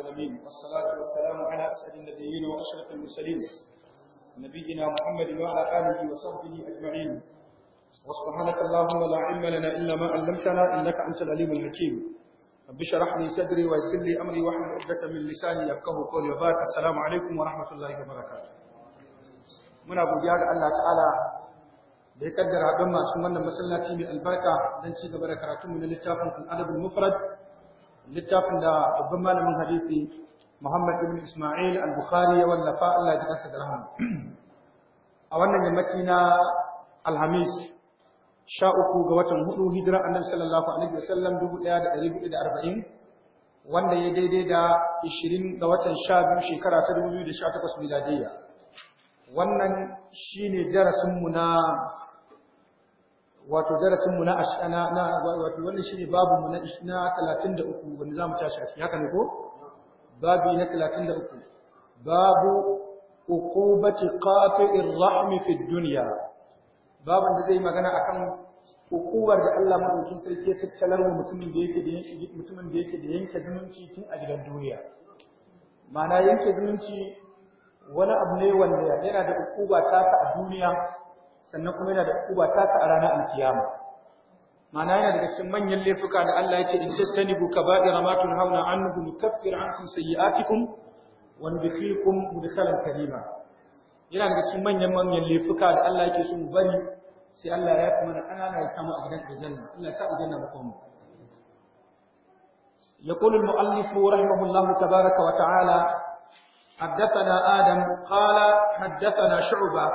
العالمين والصلاة والسلام على أسعد النبيين وأشرف المرسلين نبينا محمد وعلى آله وصحبه أجمعين وسبحانك اللهم لا علم لنا إلا ما علمتنا إنك أنت العليم الحكيم رب اشرح لي صدري ويسر لي أمري واحلل عقدة من لساني يفقه قولي وبارك السلام عليكم ورحمة الله وبركاته من أبو جاد الله تعالى da ya kaddara don masu البركة masallaci بركاته من don ci gaba da karatunmu littafin da babban malamin hadisi Muhammad ibn Isma'il al-Bukhari ya wallafa Allah ya kasa da rahama a wannan yammaci na Alhamis sha uku ga watan hudu hijira annabi sallallahu alaihi wasallam dubu ɗaya da ɗari hudu da arba'in wanda ya daidai da ishirin ga watan sha biyu shekara ta dubu biyu da sha takwas miladiyya wannan shine darasinmu na wato darasin mu na ashana na wato wannan shine babu mu na 33 wanda zamu tashi a cikin haka ne ko babu na 33 babu uqubati qati'ir rahm fi dunya babu da zai magana akan hukumar da Allah madaukin sarki ya tattalar wa mutumin da yake da mutumin da yake da yanke zumunci tun a gidan duniya ma'ana yanke zumunci wani abu ne wanda yana da hukuma ta sa a duniya sannan kuma yana da uba ta sa a ranar alkiyama ma'ana yana daga cikin manyan laifuka da Allah ya ce in tastanibu kaba'ira ma tunhauna anhu nukaffir ankum sayyi'atikum wa nudkhilukum mudkhalan karima yana daga cikin manyan manyan laifuka da Allah yake sun bari sai Allah ya kuma da kanana ya samu a gidan aljanna Allah ya sa aljanna mu kuma يقول المؤلف رحمه الله تبارك وتعالى حدثنا آدم قال حدثنا شعبة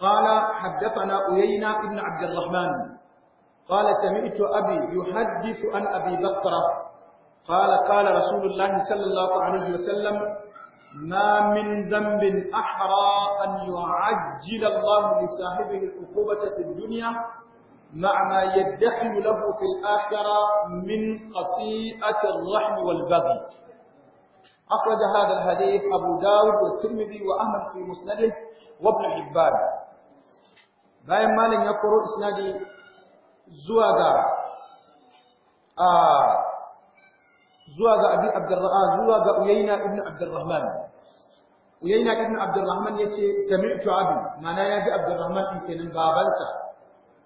قال حدثنا أيينا ابن عبد الرحمن قال سمعت أبي يحدث عن أبي بكر قال قال رسول الله صلى الله عليه وسلم ما من ذنب أحرى أن يعجل الله لصاحبه العقوبة في الدنيا مع ما يدخل له في الآخرة من قطيئة الرحم والبغي أخرج هذا الحديث أبو داود والترمذي وأحمد في مسنده وابن حبان bayan malin ya koro isnadi zuwa ga a zuwa ga abi abdurrahman zuwa ga uyayna ibn abdurrahman uyayna ibn abdurrahman yace sami'tu abi mana ya ji abdurrahman din kenan babansa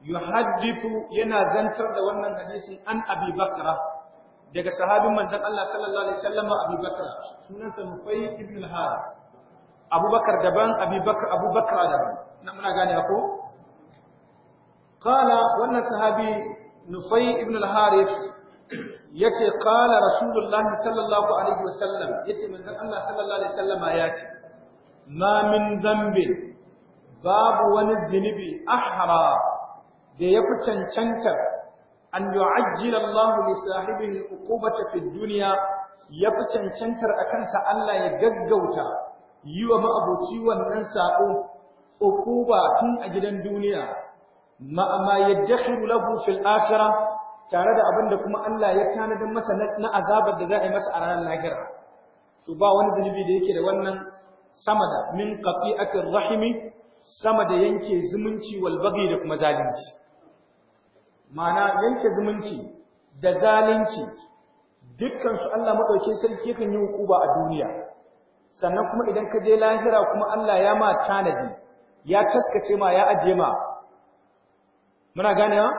yuhaddithu yana zantar da wannan hadisi an abi bakra daga sahabin manzon Allah sallallahu alaihi wasallam abi bakra sunansa mufayy ibn al-harith abubakar daban abi bakr abubakar daban na muna gane ko Ƙala wannan sahabi nufai ibn al-haris yace ƙala rasulullahi sallallahu alaihi wasallam yace manzon Allah sallallahu alaihi wasallama yace ma min dhanbin babu wani zinubi ahra da yafi cancanta an yu'ajjila Allahu li sahibihi al-uqubata fi dunya yafi cancantar akan Allah ya gaggauta yi wa ma'aboci wannan sa'o uquba tun a gidan duniya ma'ama yadakhiru lahu fil akhirah tare da abinda kuma Allah ya tanadar masa na azabar da za a yi masa a ranar lahira to ba wani zunubi da yake da wannan sama da min qati'atir rahimi sama da yanke zumunci wal da kuma zalunci ma'ana yanke zumunci da zalunci dukkan Allah madaukakin sarki yakan yi hukuba a duniya sannan kuma idan ka je lahira kuma Allah ya ma tanadi ya taskace ma ya ajiye ma muna ganewa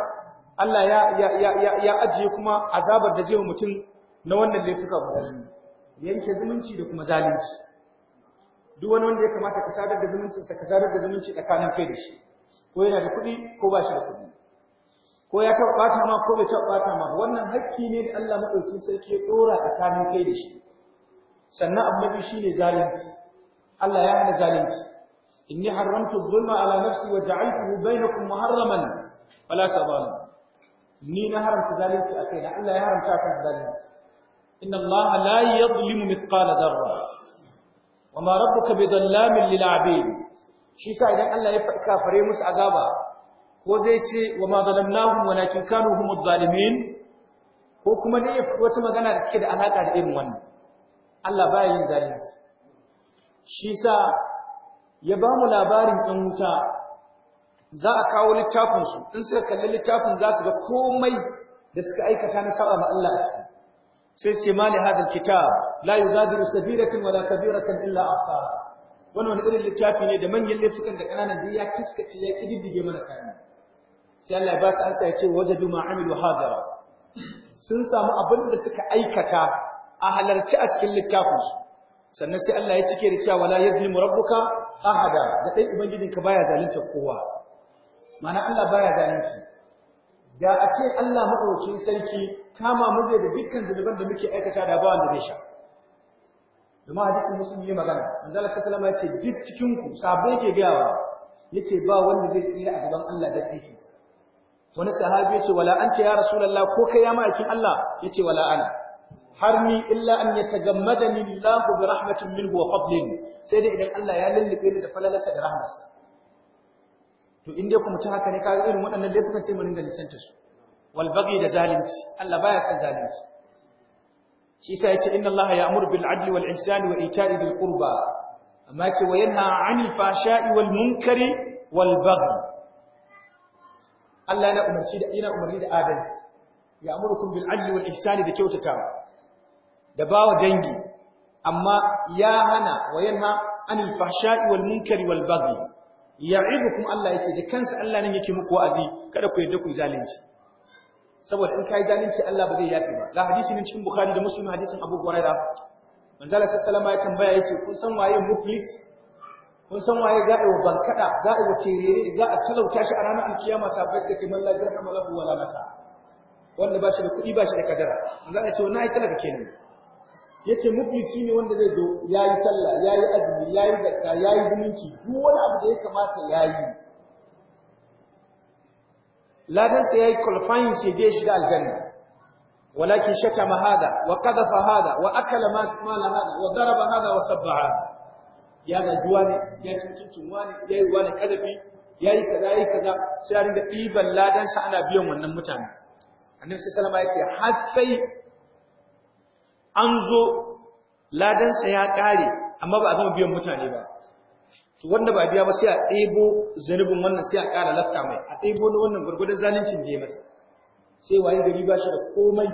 Allah ya ya ya ya ajiye kuma azabar da zai mutum na wannan laifuka guda yanke zumunci da kuma zalunci duk wani wanda ya kamata ka sadar da ka sadar da zumunci tsakanin kai da shi ko yana da kuɗi ko ba shi da kuɗi ko ya taɓa ɓata ma ko bai taɓa ɓata ma wannan hakki ne da Allah maɗaukin sarki ya ɗora tsakanin kai da shi sannan abu mafi shi ne zalunci Allah ya hana zalunci inni haramtu zulma ala nafsi wa ja'altuhu bainakum muharraman fala tazalim ni na haramta zalunci a kaina Allah ya haramta ka zalunci inna Allah la yadhlimu mithqala dharra wa ma rabbuka bidhallamin lil abid shi sa idan Allah ya kafare musu azaba ko zai ce wa ma zalamnahum walakin kanu humuz zalimin ko kuma ne wata magana da take da alaka da irin wannan Allah baya yin zalunci shi sa ya ba mu labarin ɗan wuta za a kawo littafinsu in suka kalli littafin za su ga komai da suka aikata na saba ma Allah a ciki sai ce ma li hadal kitab la yugadiru sabiratan wala kabiratan illa ahsa wannan wani irin littafi ne da manyan laifukan da kananan da ya kiskace ya kididdige mana kayan sai Allah ya ba su ansa ya ce wajadu ma amilu hadara sun samu abin da suka aikata a halarci a cikin littafinsu sannan sai Allah ya cike da cewa wala yazlimu rabbuka ahada da dai ubangijinka baya zalunta kowa mana Allah baya zalunci da a ce Allah madaukakin sarki kama mu da dukkan zunuban da muke aikata da ba da zai sha domin hadisin muslim ne magana manzo Allah sallallahu alaihi wasallam ya ce duk cikin ku sabai yake gayawa yace ba wanda zai tsira a gaban Allah da aiki wani sahabi yace wala anta ya rasulullah ko kai ya ma'aikin Allah yace wala ana har ni illa an yatagammadani Allah bi rahmatin minhu wa fadlin sai dai idan Allah ya lullube ni da falalarsa da rahmarsa to in dai kuma ta haka ne kaga irin waɗannan laifukan sai mu ringa nisanta su wal baghi da zalunci Allah baya son zalunci shi yasa ce inna Allah ya'muru bil adli wal ihsani wa ita'i bil qurba amma ce wa yanha 'anil fahsha'i wal munkari wal baghi Allah yana umarci da yana umarni da adalci ya'murukum bil adli wal ihsani da kyautatawa da bawa dangi amma ya hana wa yanha 'anil fahsha'i wal munkari wal baghi kuma Allah yace da kansa Allah nan yake muku wa'azi kada ku yadda ku zalunci saboda in kai zalunci Allah ba zai yafi ba ga hadisi ne cikin Bukhari da Muslim hadisin Abu Hurairah manzo Allah sallallahu alaihi ya tambaya yace kun san waye muflis kun san waye ga'i wa bankada ga'i wa tirere za a talauta shi a ranar alkiyama sabai suka ce mallaka rahmalahu wa lahu wala wanda ba shi da kuɗi ba shi da kadara manzo Allah ya ce wannan ai talaka kenan yace mafi shine wanda zai zo yayi sallah yayi azumi yayi zakka yayi zumunci duk wani abu da ya kamata yayi ladan sa yayi qualifying shi je shiga aljanna walakin shatama hada wa qadhafa hada wa akala ma mala hada wa daraba hada wa sabba hada ya ga duwa ne ya cincin wani yayi wani kadafi yi kaza yayi kaza sai a ringa ɗiban Ladansa ana biyan wannan mutane annabi sallallahu alaihi wasallam ya ce har sai an zo ladansa ya ƙare amma ba a gama biyan mutane ba to wanda ba biya ba sai a ɗebo zanubin wannan sai a ƙara lafta mai a ɗebo na wannan gwargwadon zalincin da ya masa sai waye gari ba shi da komai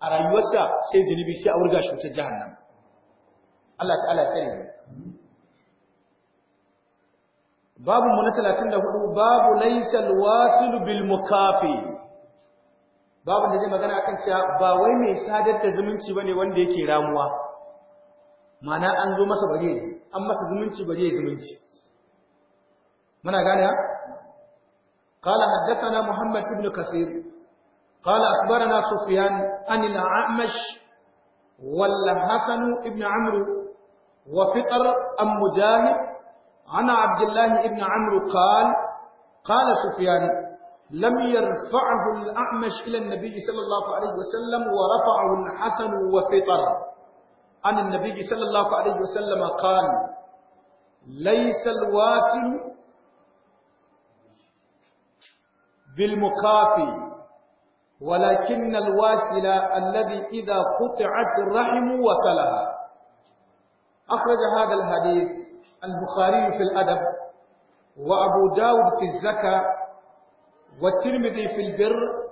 a rayuwarsa sai zanubi, sai a wurga shi wutar jahannam Allah ta'ala kare babu mu na 34 babu laysal wasil bil mukafi babu da zai magana akan cewa ba wai mai sadar da zumunci bane wanda yake ramuwa ma'ana an zo masa bare ji an masa zumunci bare zumunci muna gane ha قال حدثنا محمد بن كثير قال أخبرنا سفيان عن الأعمش والحسن بن عمرو وفطر أم مجاهد عن عبد الله بن عمرو قال قال سفيان لم يرفعه الأعمش إلى النبي صلى الله عليه وسلم ورفعه الحسن وفطر عن النبي صلى الله عليه وسلم قال ليس الواسل بالمقافي ولكن الواسل الذي إذا قطعت الرحم وصلها أخرج هذا الحديث البخاري في الأدب وأبو داود في الزكاة والترمذي في البر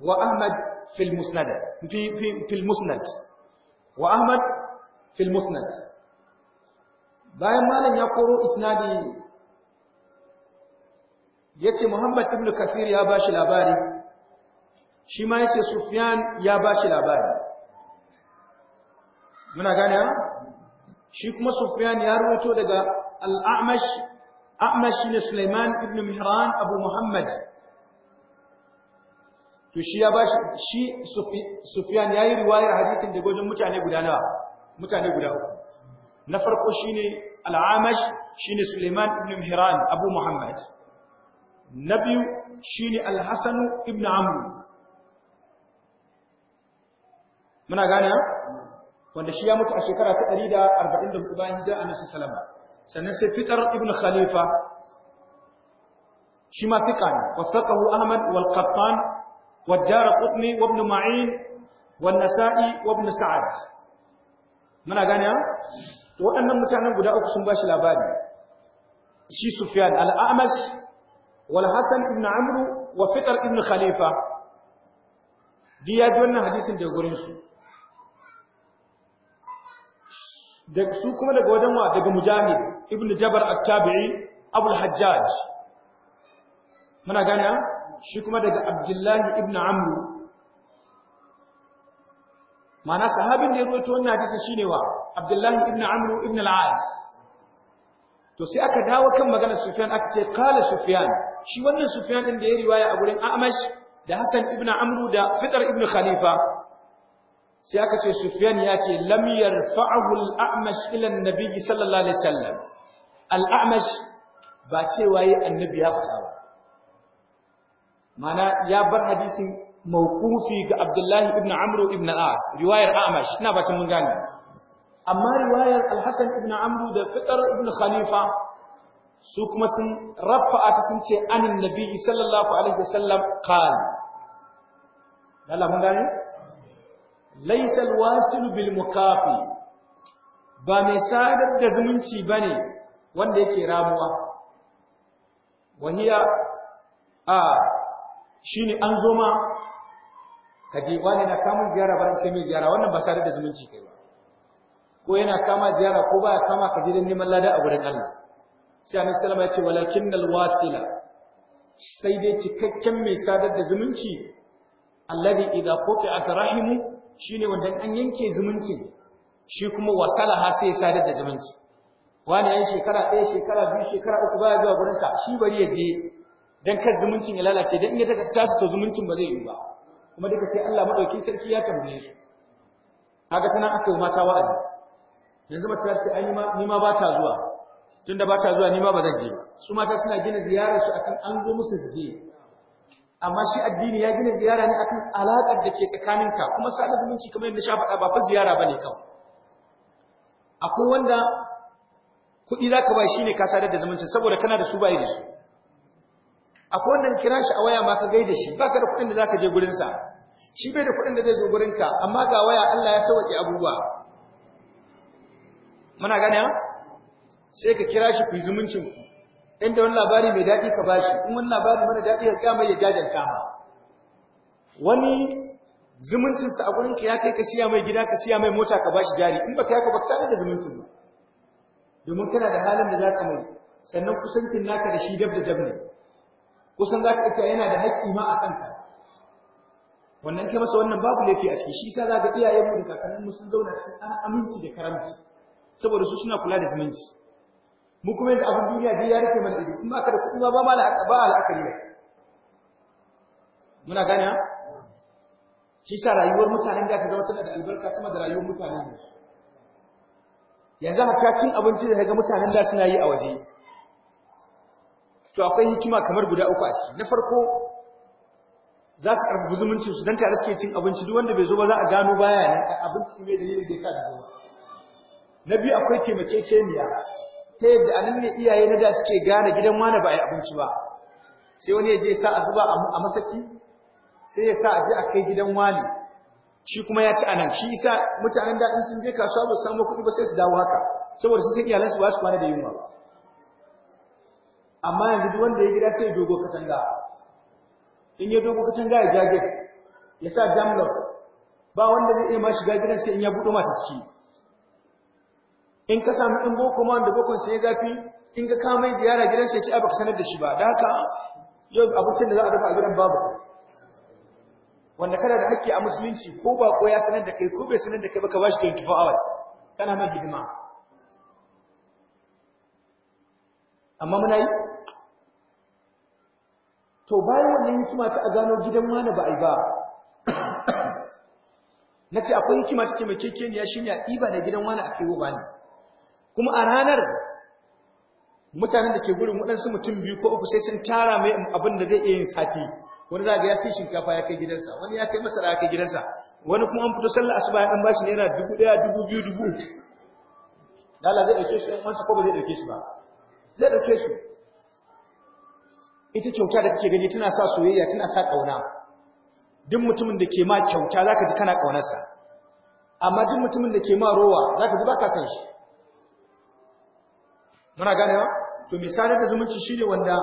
وأحمد في المسند في في في المسند وأحمد في المسند بعد ما لن يقروا إسنادي يأتي محمد بن كثير يا باشا الأباري شما يأتي سفيان يا باشا الأباري من أغاني شيخ ما سفيان يا رويتو لغا الأعمش أعمش سليمان ابن مهران أبو محمد تشي باش شي سفيان ياي رواية حديث دي جوجو متعني قدانا متعني قدانا نفر قشيني العامش شيني سليمان ابن مهران أبو محمد نبي شيني الحسن ابن عمرو منا غانيا wanda shi ya mutu a shekara ta 144 bayan hijira sannan sai fitar ibn khalifa shi ma fiqa ne wasaqahu ahmad wal qattan wal darqutni wa ibn ma'in nasa'i wa ibn sa'ad muna gane to waɗannan mutanen guda uku sun bashi labari shi sufyan al-a'mash wal hasan ibn amr wa fitar ibn khalifa di ya ji wannan hadisin daga gurin su su kuma daga wajen wa daga mujahid ibn jabar at-tabi'i abul hajjaj muna gane shi kuma daga abdullahi ibn amru ma'ana sahabin da ya rawaito wannan hadisi shine wa abdullahi ibn amru ibn al-as to sai aka dawo kan maganar sufyan aka ce qala sufyan shi wannan sufyan din da ya riwaya a gurin amash da hasan ibn amru da fitar ibn khalifa sai aka ce Sufyan ya ce lam yarfa'ahu al-A'mash ila an-nabi sallallahu alaihi wasallam al-A'mash ba cewa yi annabi ya fita ba mana ya bar hadisin mawqufi ga Abdullahi ibn Amr ibn al-As riwayar A'mash ina ba mun gane amma riwayar Al-Hasan ibn Amr da Fitr ibn Khalifa su kuma sun rafa'a ta sun ce anin nabi sallallahu alaihi wasallam qala lalla mun gane Laisal alwasilu bil mukafi ba mai sadar da zumunci bane wanda yake ramuwa wahiya a shine an zo ma kaje wani na kama ziyara baran kai mai ziyara wannan ba sadar da zumunci kai ba ko yana kama ziyara ko ba kama kaje da neman lada a gurin Allah sai annabi sallama ya ce walakinnal wasila sai dai cikakken mai sadar da zumunci alladhi idza quti'at rahimu Shi ne wanda an yanke zumunci shi kuma wasalaha sai sadar da zumunci wani 'yan shekara ɗaya shekara biyu shekara uku baya zuwa gurin sa shi bari ya je dan kar zumuncin ya lalace dan in ya daga tasu to zumuncin ba zai yi ba kuma duka sai Allah madauki sarki ya tambaye shi kaga tana aka yi mata wa'azi yanzu mace ta ce ai ni ma ba ta zuwa tunda ba ta zuwa ni ma ba zan je su mata suna gina ziyararsu su akan an zo musu su je amma shi addini ya gina ziyara ne akan alaƙar da ke tsakaninka kuma sada zumunci kamar yadda sha faɗa ba fa ziyara ba ne kawai akwai wanda kuɗi za ka ba shi ne ka sadar da zumunci saboda kana da su bayi da su akwai wanda kira shi a waya ma ka gaida shi baka da kuɗin da za ka je gurinsa shi bai da kuɗin da zai zo gurinka amma ga waya Allah ya sauƙi abubuwa muna gane sai ka kira shi ku zumuncin ku inda wani labari mai daɗi ka bashi in wani labari mara daɗi ka kama ya jajanta ma wani zumuncin sa a gurin ka ya kai ka siya mai gida ka siya mai mota ka bashi jari in baka yaka baka sadar da zumuncin ba domin kana da halin da zaka mai sannan kusancin naka da shi dab da dab ne kusan zaka ake yana da haƙƙi ma a kanka wannan kai masa wannan babu laifi a ciki shi yasa zaka iyayen mu da kakannin mu sun zauna cikin aminci da karamci saboda su suna kula da zumunci mu kuma yanzu abin duniya dai ya rike mana ido kuma kada ka da kuɗi ma ba ma ba al'akari ne muna gane ha shi sa rayuwar mutanen da ka ga tana da albarka sama da rayuwar mutanen ne. yanzu hatta cin abinci da ga mutanen da suna yi a waje to akwai hikima kamar guda uku a ciki na farko za su karɓi zumuncin su dan tare suke cin abinci duk wanda bai zo ba za a gano baya nan abinci mai dalili da ya sa da zuwa. na biyu akwai taimakekeniya ta yadda anan ne iyaye na da suke gane gidan wani ba a yi abinci ba sai wani ya je sa a zuba a masaki sai ya sa a je a kai gidan wani shi kuma ya ci a nan, shi isa mutanen da in sun je kasuwa ba su samu kuɗi ba sai su dawo haka saboda su sai su ba su kwana da yunwa amma yanzu duk wanda ya gida sai dogo katanga in ya dogo katanga ya jage ya sa jamlock ba wanda zai iya ma shiga gidan sai in ya buɗo mata ciki in ka samu in boko ma wanda bokon sai ya gafi, in ka kama mai ziyara gidan sai ci ai baka sanar da shi ba da haka yau abincin da za a dafa a gidan babu wanda kana da hakki a musulunci ko ba ko ya sanar da kai ko bai sanar da kai ba ka bashi 24 hours kana mai hidima amma muna yi to bayan wannan hikima ta a gano gidan na ba a yi ba na ce akwai hikima ta taimakekeniya shi ne a ɗiba da gidan wani a kai wani kuma a ranar mutanen da ke gurin waɗansu mutum biyu ko uku sai sun tara mai abin da zai iya yin sati wani za ga ya sai shinkafa ya kai gidansa wani ya kai masara ya kai gidansa wani kuma an fito sallar asuba ya dan bashi yana dubu ɗaya dubu biyu dubu dala zai ɗauke shi wansa ko ba zai ɗauke shi ba zai ɗauke shi ita kyauta da kake gani tana sa soyayya tana sa ƙauna duk mutumin da ke ma kyauta zaka ji kana ƙaunarsa amma duk mutumin da ke ma rowa zaka ji baka san shi muna ganewa to misalin da zumunci shine wanda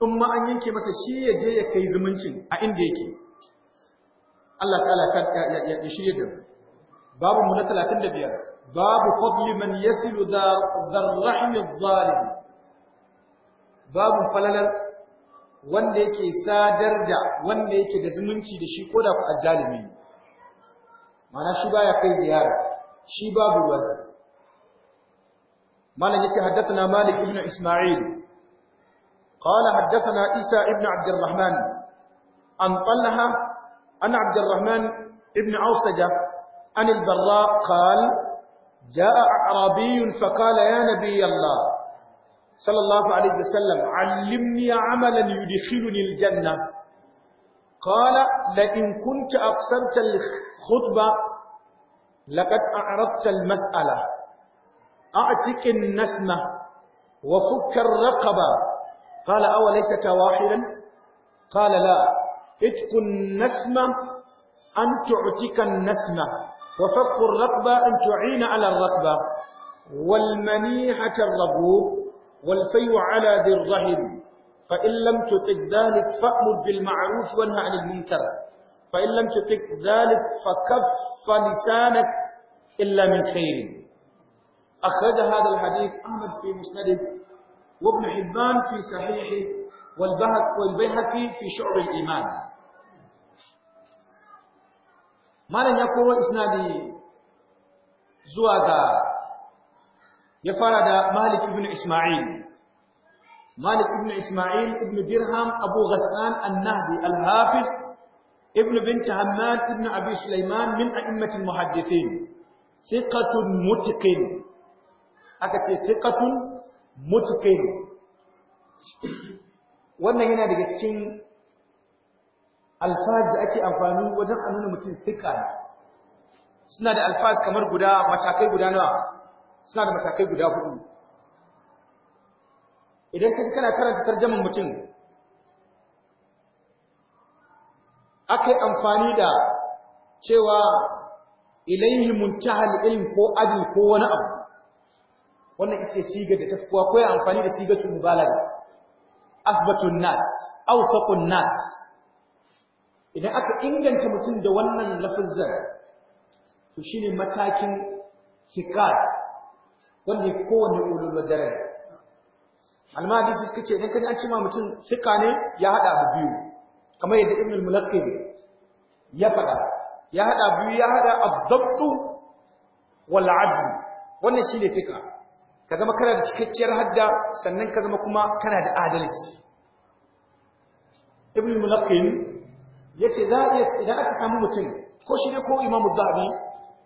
in ma an yanke masa shi ya je ya kai zumuncin a inda yake Allah ta'ala ya shirye da babu mu na 35 babu fadli man yasilu da adh-dhalim babu falalar wanda yake sadar da wanda yake da zumunci da shi koda ku azzalimi mana shi baya kai ziyara shi babu ruwansa مالا يتي حدثنا مالك ابن إسماعيل قال حدثنا عيسى ابن عبد الرحمن أن طلها أن عبد الرحمن ابن اوسجه أن البراء قال جاء اعرابي فقال يا نبي الله صلى الله عليه وسلم علمني عملا يدخلني الجنة قال لئن كنت أقصرت الخطبة لقد أعرضت المسألة أعتق النسمة وفك الرقبة قال أوليس واحدا قال لا اتق النسمة أن تعتق النسمة وفك الرقبة أن تعين على الرقبة والمنيحة الربوب والفي على ذي الرهب فإن لم تطق ذلك فأمر بالمعروف وانهى عن المنكر فإن لم تطق ذلك فكف لسانك إلا من خير أخرج هذا الحديث أحمد في مسنده وابن حبان في صحيحه والبيهقي في شعب الإيمان ما لن يقول إسنادي زوادا يفرد مالك ابن إسماعيل مالك ابن إسماعيل ابن درهم أبو غسان النهدي الهافز ابن بنت همان ابن أبي سليمان من أئمة المحدثين ثقة متقن aka ce thiqatun mutqin wannan yana daga cikin alfaz da ake amfani wajen a nuna mutum thiqa ne suna da alfaz kamar guda matakai guda nawa suna da matakai guda hudu idan kaji kana karanta tarjaman mutum aka yi amfani da cewa ilaihi muntahal ilm ko adil ko wani abu wannan ita ce sigar da tafkuwa kowa ko ya amfani da tun mubalaga asbatun nas awsaqun nas idan aka inganta mutum da wannan lafazzar to shine matakin thiqat wanda kowanne ulul daraja alma hadisi suka ce idan ka ji an ce mutum thiqa ne ya hada abu biyu kamar yadda ibn al mulaqqib ya faɗa ya hada biyu ya hada abdabtu wal 'adl wannan shine thiqa ka zama kana da cikakkiyar hadda sannan ka zama kuma kana da adalci ibn mulaqin yace za a idan aka samu mutum ko shi ne ko imamu zabi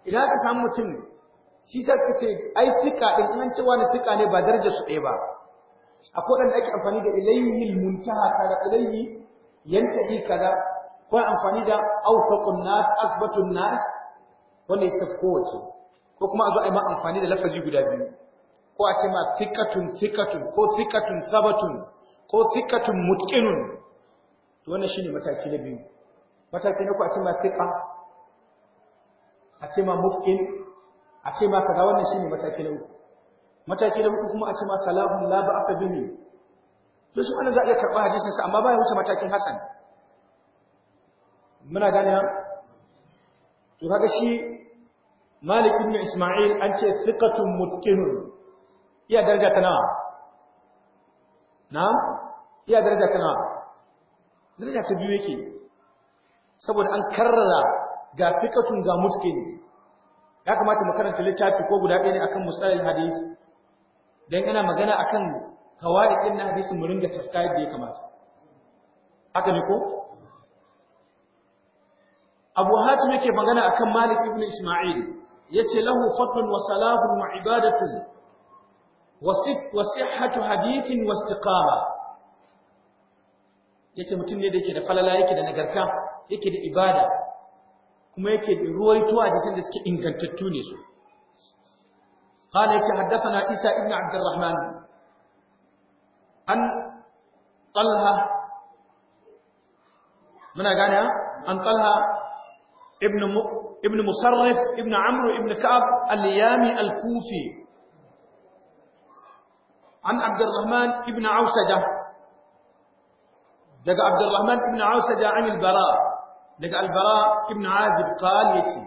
idan aka samu mutum shi sa suka ce ai fika din nan cewa ne fika ne ba darajar su ɗaya ba akwai wanda ake amfani da ilayhi muntaha kaza ilayhi yi kaza ko amfani da awfaqun nas asbatun nas wannan ya ko wace ko kuma a zo a yi ma amfani da lafazi guda biyu ko a ce ma sikatun sikatun ko sikatun sabatun ko sikatun mutkinun, to wannan shine mataki na biyu mataki na ku a ce ma sika a ce ma mutqin a ce ma kaza wannan shine mataki na uku mataki na uku kuma a ce ma salahun la asa bihi to shi wannan za a iya karɓa hadisin sa amma ba ya wuce matakin hasan muna gane to kaga shi Malik ibn Isma'il an ce thiqatun mutqinun iya daraja ta nawa na'am iya daraja ta nawa daraja ta biyu yake saboda an karrara ga fikatun ga muske ne ya kamata mu karanta littafi ko guda ɗaya ne akan musalal hadis dan ina magana akan kawai ɗin na hadisin mu ringa tafkai da ya kamata haka ne ko Abu Hatim yake magana akan Malik ibn Isma'il yace lahu fadlun wa salahun wa ibadatun وصحة حديث واستقامة yace mutum ne da yake da falala yake da nagarta yake da ibada kuma yake da ruwaituwa da san da suke ingantattu ne su qala yake haddathana isa ibn abd alrahman an talha muna gane an talha ibn ibn musarrif ibn amr ibn ka'ab al-yami al-kufi an Abdurrahman ibn Ausada daga Abdurrahman ibn Ausada an al-Bara daga al-Bara ibn Azib qal yasi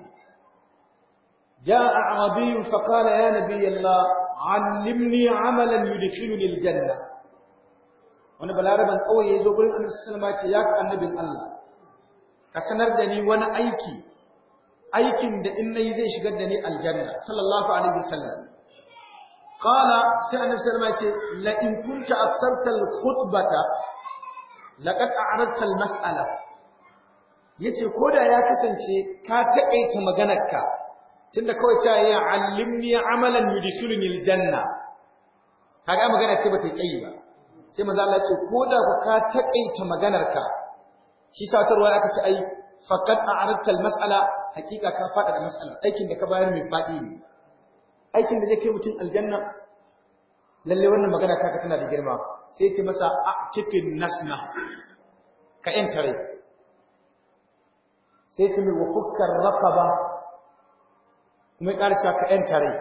jaa arabiy fa qala ya nabiy Allah allimni amalan yudkhiluni wani balaraban kawai yazo gurin Annabi sallallahu alaihi wasallam ya annabin Allah ka sanar da ni wani aiki aikin da in nayi zai shigar da ni aljanna sallallahu alaihi wasallam qala sai annabi sallallahu alaihi wasallam la in kunta aksarta al khutbata laqad yace koda ya kasance ka taƙaita maganarka tunda kawai cewa ya allimni amalan yudkhiluni al janna kaga magana ce bata tsayi ba sai manzo Allah ya ce ku ka taƙaita maganarka shi satarwa aka ce ai faqad a'radta al mas'ala hakika ka fada da mas'ala, aikin da ka bayar mai fadi ne aikin da zai kai mutum aljanna lalle wannan magana taka tana da girma sai ce masa a cikin nasna ka entare sai ce mai wafukkar raqaba kuma ya ƙarshe ka entare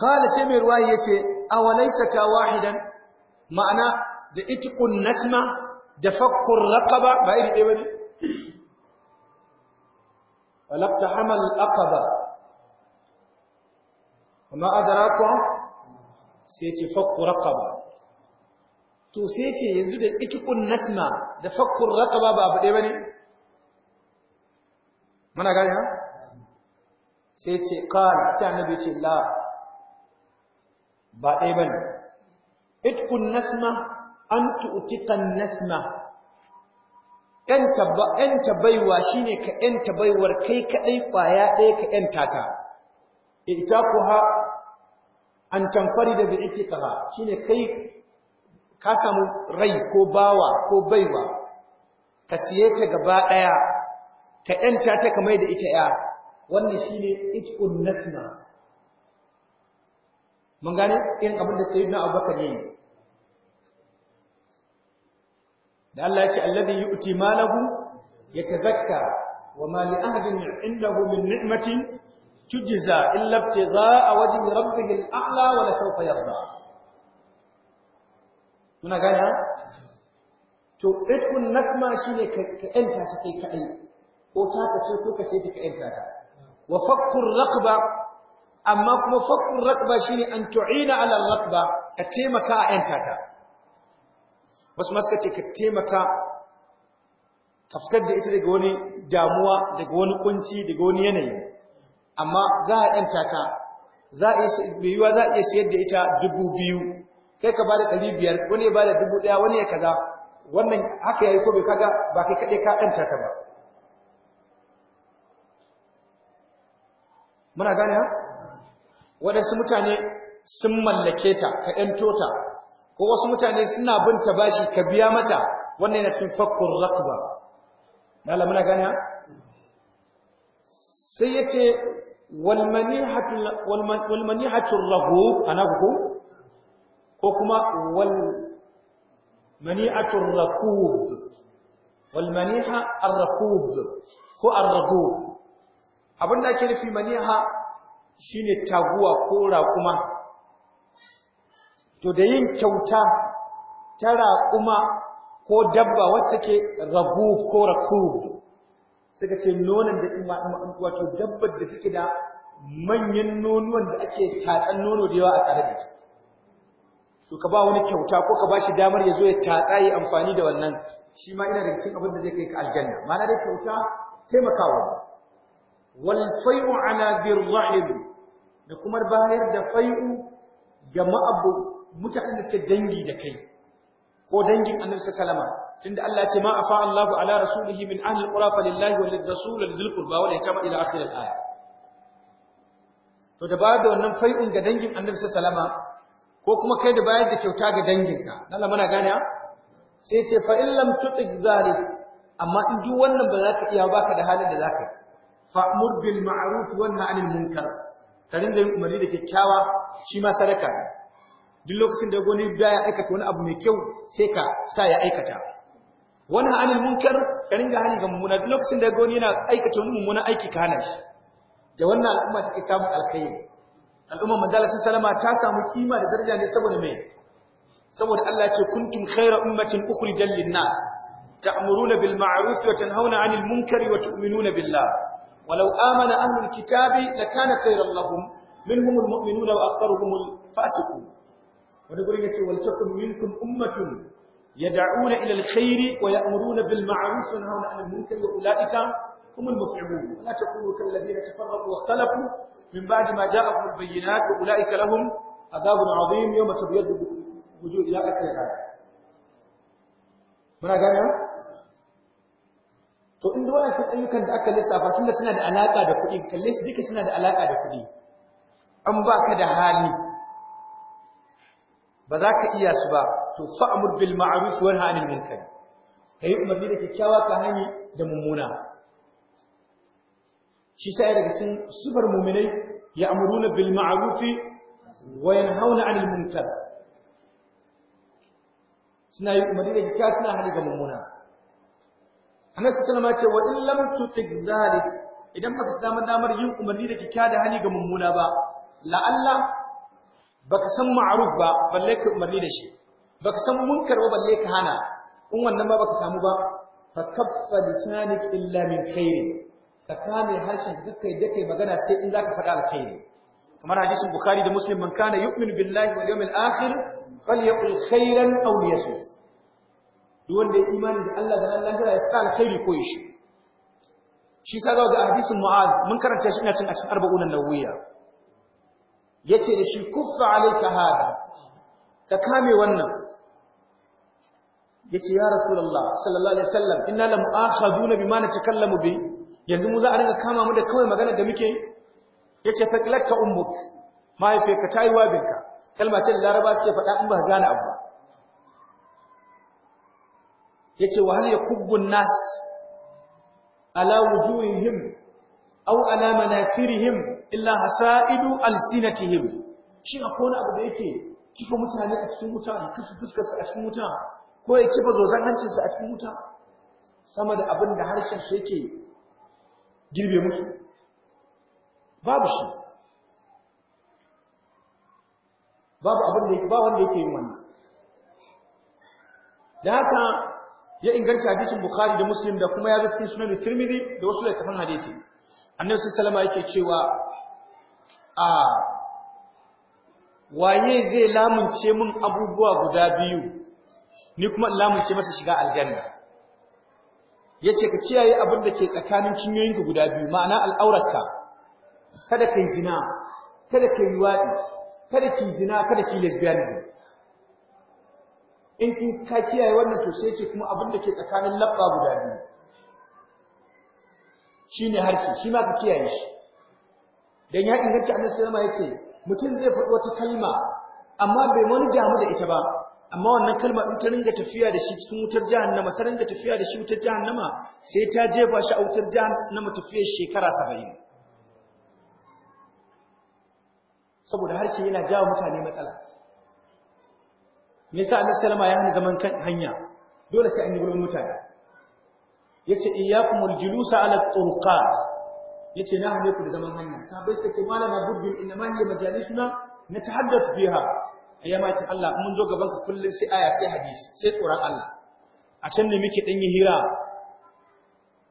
qala sai mai ruwayi yace awalaysa ka wahidan ma'ana da itiqun nasma da fakkur raqaba ba iri ɗaya bane walaqta hamal aqaba amma adrakum sai ce fakku raqaba to sai ce yanzu da itikun nasma da fakku raqaba ba abu ɗaya bane muna gane ha sai ce qala sai annabi ce la ba ɗaya bane itikun nasma an tu'tiqan nasma ‘yanta baiwa shi ne ka ‘yanta baiwar kai kadai kwaya ɗaya ka ‘yanta ta, ita ku ha an fari da bi'iti kaha shine kai ka samu rai ko bawa ko baiwa ka siye ta gaba daya ka yanta ta kamar da ita ya wannan shine itqun nasna mun gane irin abin da sayyidina abubakar yayi da Allah ya ce alladhi yu'ti malahu yatazakka wa ma li ahadin 'indahu min ni'matin تجزى إلا ابتغاء وجه ربه الأعلى ولسوف يرضى muna gane to ikun nakma shine ka yanta ta kai kai ko ta ka ce ko ka ce ta yanta ta wa fakkur raqba amma kuma fakkur raqba shine an tu'ina ala raqba ka taimaka a yanta ta wasu ma suka ka taimaka ka fitar da ita daga wani damuwa daga wani kunci daga wani yanayi amma za a yanta ta za a yi yiwa za a iya siyar da ita dubu biyu kai ka bada ɗari biyar wani ya bada dubu ɗaya wani ya kaza wannan haka yayi ko bai kaga ba kai kaɗai ka yanta ta ba muna gane ha waɗansu mutane sun mallake ta ka yanto ta ko wasu mutane suna bin ta bashi ka biya mata wannan yana cikin fakkur raqba mala muna gane ha sai yace walmanihatun rahub ana kuku ko kuma walmanihatun rakub walmaniha arrakub ko arrakub abinda ake nufi maniha shine taguwa ko raƙuma to da yin kyauta ta raƙuma ko dabba wacce ke ragu ko rakub suka ce nonon da wato dabbar da take da manyan nonuwan da ake tatsan nono da yawa a tare da ita to ka ba wani kyauta ko ka ba shi damar ya zo ya tatsa yi amfani da wannan shi ma ina da cikin abin da zai kai ka aljanna ma'ana dai kyauta taimakawa wal fai'u ala dirra'il da kuma bayar da fai'u ga ma'abu mutanen da suke dangi da kai ko dangin annabi salama. tunda Allah ya ce ma afa Allahu ala rasulihi min ahli alqura lillahi walil rasul lidhil qurba wal yatama ila akhir al aya to da ba da wannan fai'un ga dangin Annabi sallama ko kuma kai da bayar da kyauta ga danginka Allah muna gane sai ce fa in lam tutik zalik amma in duk wannan ba za ka iya baka da halin da za ka yi fa'mur bil ma'ruf wa nahy anil munkar ka da yin umarni da kyakkyawa shi ma sadaka duk lokacin da goni ya aikata wani abu mai kyau sai ka sa ya aikata wani anil munkar ka ringa hani ga mummuna duk lokacin da goni yana aikata wani mummuna aiki ka hana shi da wannan al'umma take samun alkhairi al'umma manzala sun salama ta samu kima da daraja ne saboda me saboda Allah ya ce kuntum khayra ummatin ukhrijal linnas ta'muruna bil ma'ruf wa tanhauna 'anil munkari wa tu'minuna billah walau amana ahlul kitabi lakana khayran lahum minhum almu'minuna wa aktharuhum alfasiqun wani gurin yace wal takum minkum ummatun يدعون إلى الخير ويأمرون بالمعروف وينهون عن المنكر وأولئك هم المفعمون لا تقولوا كالذين تفرقوا واختلفوا من بعد ما جاءهم البينات وأولئك لهم عذاب عظيم يوم تبيض وجوه إلى أكثر الآية muna gane to inda waɗansu ayyukan da aka lissafa tunda suna da alaƙa da kuɗi kalle su duka suna da alaƙa da kuɗi an ba ka da hali ba za ka iya su ba to fa'mur bil ma'ruf wa nahy 'anil munkar kai umarni da kyakkyawa ka hani da mummuna shi sai daga cikin sifar mu'minai ya'muruna bil ma'ruf wa yanhauna 'anil munkar suna yi umarni da kyakkyawa suna hali ga mummuna Anas sallama ce wa in lam tutik zalik idan baka samu damar yin umarni da kyakkyawa da hali ga mummuna ba la'alla baka san ma'ruf ba balle ka umarni da shi baka san munkar ba balle ka hana in wannan ma baka samu ba fa kaffa lisanik illa min khairin ka kame harshen kai da kai magana sai in zaka faɗa alkhairi kamar hadisin bukhari da muslim man kana yu'minu billahi wal yawmil akhir falyaqul khairan aw liyasmut duk wanda ya imani da Allah da ran lahira ya faɗa alkhairi ko shi shi sa ga hadisin mu'az mun karanta shi ina cin ashin arba'un nawawiyya yace da shi kuffa alayka hada ka kame wannan yace ya rasulullah sallallahu alaihi wasallam inna la mu'akhaduna bima natakallamu bi yanzu mu za a rinka kama mu da kawai magana da muke yace faqilatka ummuk mahaifiyarka ta yi wabinka kalma ce da laraba suke faɗa in ba gane abu ba yace wa hal yakubbun nas ala wujuhihim aw ala manafirihim illa hasaidu alsinatihim shin akwai wani abu da yake kifa mutane a cikin mutane, kifa fuskar su a cikin mutane? ko ya kifa zozan hancinsa a cikin wuta sama da abin da harshen su yake girbe musu babu shi babu abin da yake ba wanda yake yin wannan da haka ya inganta hadisin bukhari da muslim da kuma ya zo cikin sunan tirmidhi da wasu littafan hadisi annabi sallallahu alaihi yake cewa a waye zai lamunce mun abubuwa guda biyu ni kuma mun ce masa shiga aljanna yace ka kiyaye abin da ke tsakanin cinyoyinka guda biyu ma'ana al'aurarka kada kai zina kada kai yuwadi kada ki zina kada ki lesbianism in kin ka kiyaye wannan to sai ce kuma abin da ke tsakanin labba guda biyu shine harshe shi ma ka kiyaye shi dan ya inganta annabi sallama yace mutum zai faɗi wata kalma amma bai wani jamu da ita ba amma wannan kalma din ta ringa tafiya da shi cikin wutar jahannama ta ringa tafiya da shi wutar jahannama sai ta jefa shi a wutar jahannama tafiya shekara 70 saboda harshe yana jawo mutane matsala me yasa Allah sallama ya hana zaman kan hanya dole sai an yi gurbin mutane yace iyyakumul julusa ala turqat yace na hane ku da zaman hanya sabai sai malama buddin inna ma hiya majalisuna natahaddathu biha ya maki Allah mun zo gaban ka kullun sai aya sai hadisi sai tsoron Allah a can ne muke dan yi hira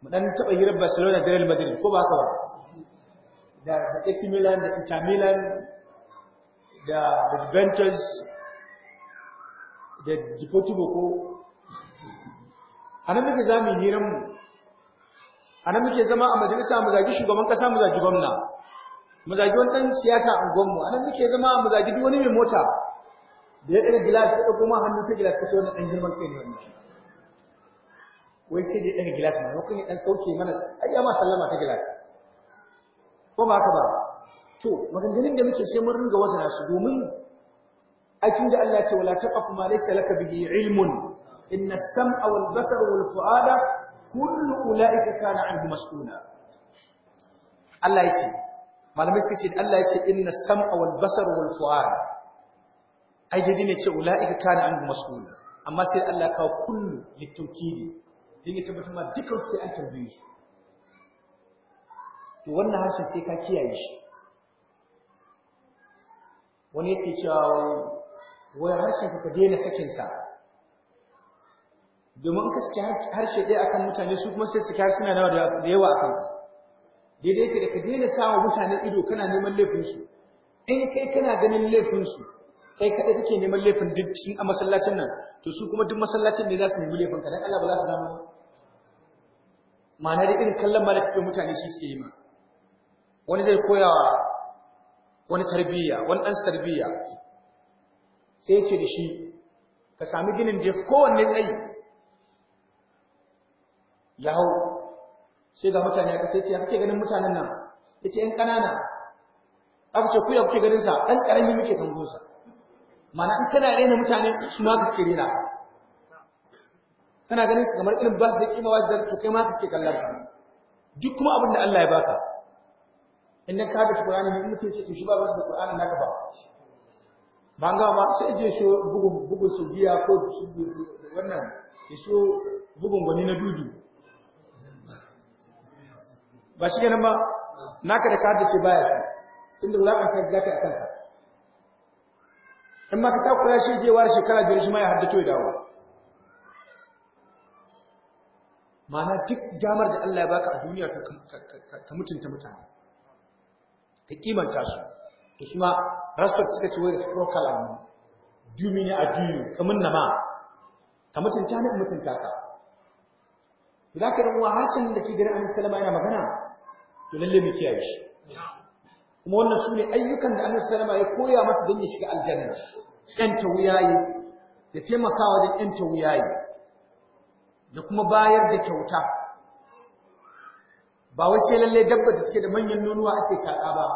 mu dan taba hira Barcelona da Real Madrid ko ba ka ba da AC Milan da Inter Milan da Juventus da Deportivo ko anan muke zamu hirar mu anan muke zama a majalisa mu zagi shugaban kasa mu zagi gwamna mu zagi wani dan siyasa a unguwarmu anan muke zama mu zagi duk wani mai mota da ya ɗaga gilas ya ɗago ma hannun ta gilas ka so na ɗan girman kai ne wannan wai sai da ya ɗaga gilas ma maimakon ya ɗan sauke mana ai ya ma sallama ta gilas ko ba haka ba to maganganun da muke sai mun ringa wazana su domin akin da Allah ya ce wala taqfu ma laysa laka bihi ilmun inna as-sam'a wal basara wal fu'ada kullu ulaika kana anhu mas'ula Allah ya ce malamai suka ce Allah ya ce inna as-sam'a wal basara wal fu'ada ai daidai ne ce ula'ika kana an mas'ula amma sai Allah kawo kullu litawkidi din ya tabbatar ma dukkan sai an tambaye shi to wannan harshen sai ka kiyaye shi wani yake cewa wai harshen ka daina sakin sa domin ka saki harshe ɗaya akan mutane su kuma sai saki harshe nawa da yawa akan daidai yake da ka daina sawa mutane ido kana neman laifinsu in kai kana ganin laifinsu kai kaɗai kake neman laifin duk cikin a masallacin nan to su kuma duk masallacin ne za su nemi laifin ka dan Allah ba za su dama ma'ana da irin kallon ma da kake mutane shi suke yi ma wani zai koya wa wani tarbiyya wani ɗan tarbiyya sai ce da shi ka sami ginin da ya fi kowanne tsayi ya hau sai ga mutane aka sai ce ya kake ganin mutanen nan ya ce ‘yan ƙanana aka ce kuya kuke ganin sa ɗan ƙarami muke kango sa mana in tana rena mutane su ma suke rena kana ganin su kamar irin ba su da kima wajen to kai ma suke kallarsa. su duk kuma abin da Allah ya baka in ka ga Qur'ani ne mutum ce to shi ba ba su da Qur'ani naka ba ban ga ma sai je so bugun bugun su biya ko su wannan su bugun gwani na dudu ba shi ganin ba naka da ka da ce baya tunda wulakan kai zaka a kansa in ma ka takura shi je war shekara biyar shi ma ya haddace ya dawo mana duk jamar da Allah ya baka a duniya to ka mutunta mutane ka kimanta su to shi ma rasul suka ce wai reciprocal ne due ne a duniya kamun nama ka mutunta ne mutunta ka to ka yi hasin da ke gari an sallama yana magana to lalle mu kiyaye shi kuma wannan su ne ayyukan da Annabi sallama ya koya masa don ya shiga aljanna ɗan tawuyayi da taimakawa da ɗan tawuyayi da kuma bayar da kyauta ba wai sai lalle dabba da suke da manyan nonuwa ake kaka ba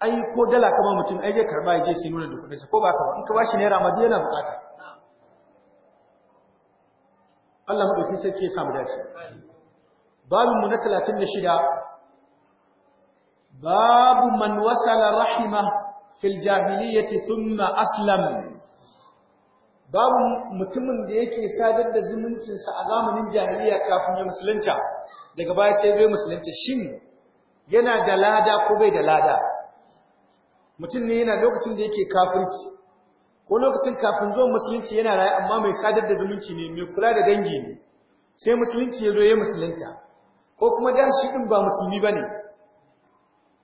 ai ko dala kama mutum ai zai karba ya je sai nuna da kuɗinsa ko ba ka ba in ka bashi naira ma yana bukata Allah madauki sarki ya samu dace babin mu na 36 babu من وصل rahima fil الجاهلية ثم aslam babu mutumin da yake sadar da zumuncinsa a zamanin jahiliya kafin ya musulunta daga baya sai bai musulunta دلادا yana da lada ko bai da lada mutum ne lokacin ko lokacin kafin zuwan musulunci yana raye amma mai sadar da zumunci ne mai kula da dangi ne sai musulunci ya zo ya musulunta ko kuma dan shi din ba musulmi bane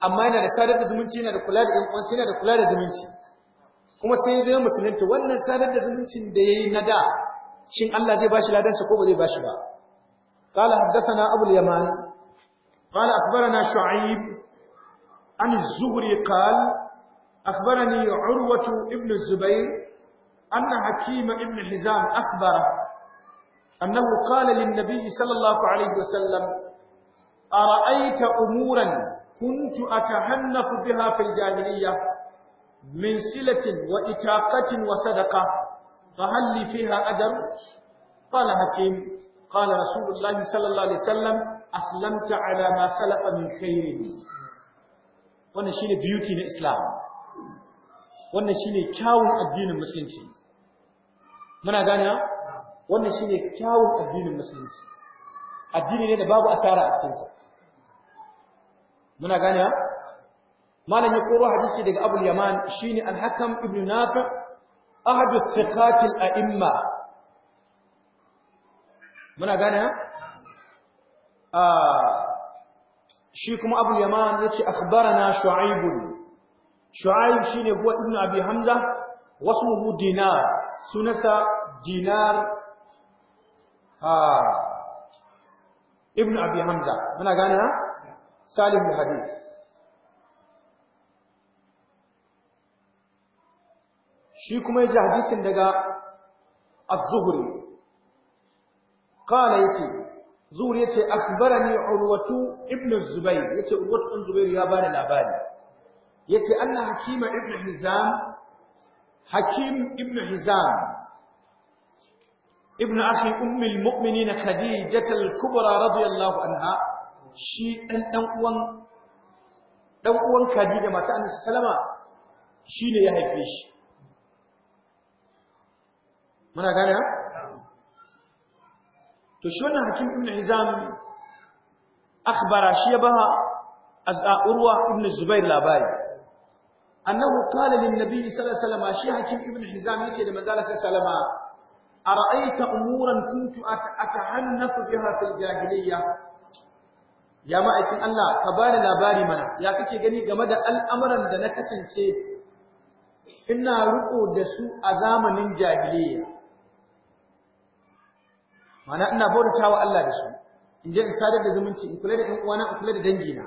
amma yana da sadar da zumunci yana da kula da ƴan uwansa yana da kula da zumunci kuma sai ya zama musulunta wannan sadar da zumuncin da yayi na da shin Allah zai bashi ladan sa ko ba zai bashi ba قال حدثنا أبو اليمان قال أخبرنا شعيب عن الزهري قال أخبرني عروة ابن الزبير أن حكيم ابن حزام أخبره أنه قال للنبي صلى الله عليه وسلم أرأيت أموراً kuntu atahannafu biha fil jahiliyya min silatin wa itaqatin wa sadaqa fa hal li fiha ajr qala hakim qala rasulullah sallallahu alaihi wasallam aslamta ala ma salafa min khairin wannan shine beauty na islam wannan shine kyawun addinin musulunci muna gane wannan shine kyawun addinin musulunci addini ne da babu asara a muna gane malam ya koro hadisi daga abul yaman shine al-hakam ibn nafi ahadu thiqat al-a'imma muna gane a ah, shi kuma abul yaman yace akhbarana shu'aib shu'aib shine huwa ibn abi hamza wasmuhu dinar sunasa dinar ha ah, ibn abi hamza muna gane ha salih al-hadith shi kuma yaji hadisin daga az-zuhri qala yace zuhri yace akhbarani urwatu ibn az-zubayr yace urwatu ibn zubayr ya bani labari yace anna hakima ibn hizam hakim ibn hizam ابن أخي أم المؤمنين خديجة الكبرى kubra radiyallahu anha. shi dan dan uwan dan uwan Khadija mata Annabi sallama shine ya haife shi muna gane to shi wannan Hakim ibn Hizam akhbara shi ya ba Urwa ibn Zubair labari أنه قال للنبي صلى الله عليه وسلم شيخ حكيم ابن حزام يسير من ذلك صلى الله عليه وسلم أرأيت أمورا كنت أتحنث بها في الجاهلية ya ma'aikin Allah ka bani labari mana ya kake gani game da al'amuran da na kasance ina riko da su a zamanin jahiliya mana ina bautawa Allah da su in je in sadar da zumunci in kula da ɗan uwana in kula da dangina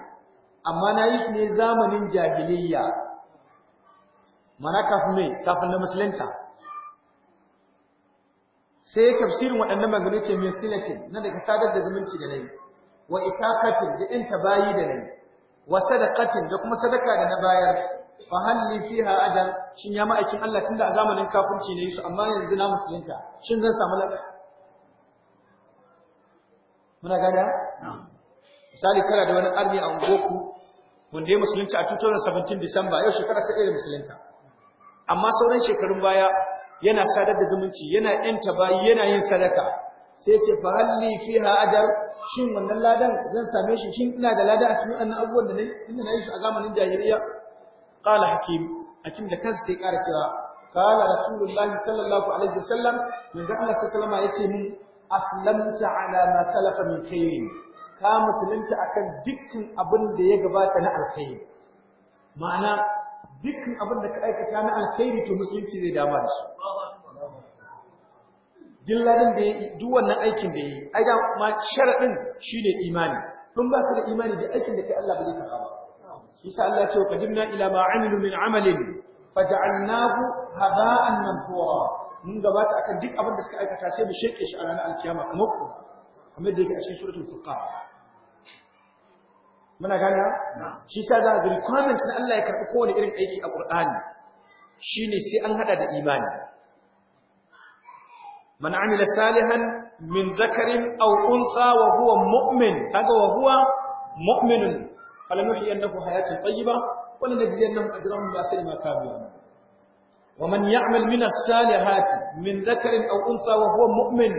amma na yi shi ne zamanin jahiliya mana kafin me kafin na musulunta sai tafsirin waɗannan maganganu ce min silatin na daga sadar da zumunci da nayi wa itaqatin da in bayi da nayi wa sadaqatin da kuma sadaka da na bayar fa halli fiha ajal shin ya ma'aikin Allah tunda a zamanin kafirci ne su amma yanzu na musulunta shin zan samu lada muna gada misali kana da wani arni a ungoku wanda ya musulunta a 2017 December yau shekara ta da musulunta amma sauran shekarun baya yana sadar da zumunci yana yanta bayi yana yin sadaka sai ce fa halli fiha ajal shin wannan ladan zan same shi shin ina da lada a cikin wannan abubuwan da nayi tunda nayi shi a zamanin jahiliya qala hakim hakim da kansa sai ƙara cewa qala rasulullahi sallallahu alaihi wasallam min da Allah sallama yace min aslamta ala ma salafa min khairin ka musulunta akan dukkan abin da ya gabata na alkhairi ma'ana dukkan abin da ka aikata na alkhairi to musulunci zai dama da shi dilladin da yayi duk wannan aikin da ya yayi ai da ma sharadin shine imani in ba ka da imani da aikin da kai Allah ba zai karba ba yasa Allah ya ce qadimna ila ma amilu min amalin faj'alnahu haba'an manthura mun gabata akan duk abin da suka aikata sai mu sheke shi a ranar alkiyama kamar ku kamar da yake a cikin suratul furqan muna gane shi sa za a requirement na Allah ya karbi kowane irin aiki a Qur'ani shine sai an hada da imani من عمل صالحا من ذكر او انثى وهو مؤمن هذا وهو مؤمن فلنحي انه حياه طيبه ولنجزينهم اجرهم باحسن ما كانوا ومن يعمل من الصالحات من ذكر او انثى وهو مؤمن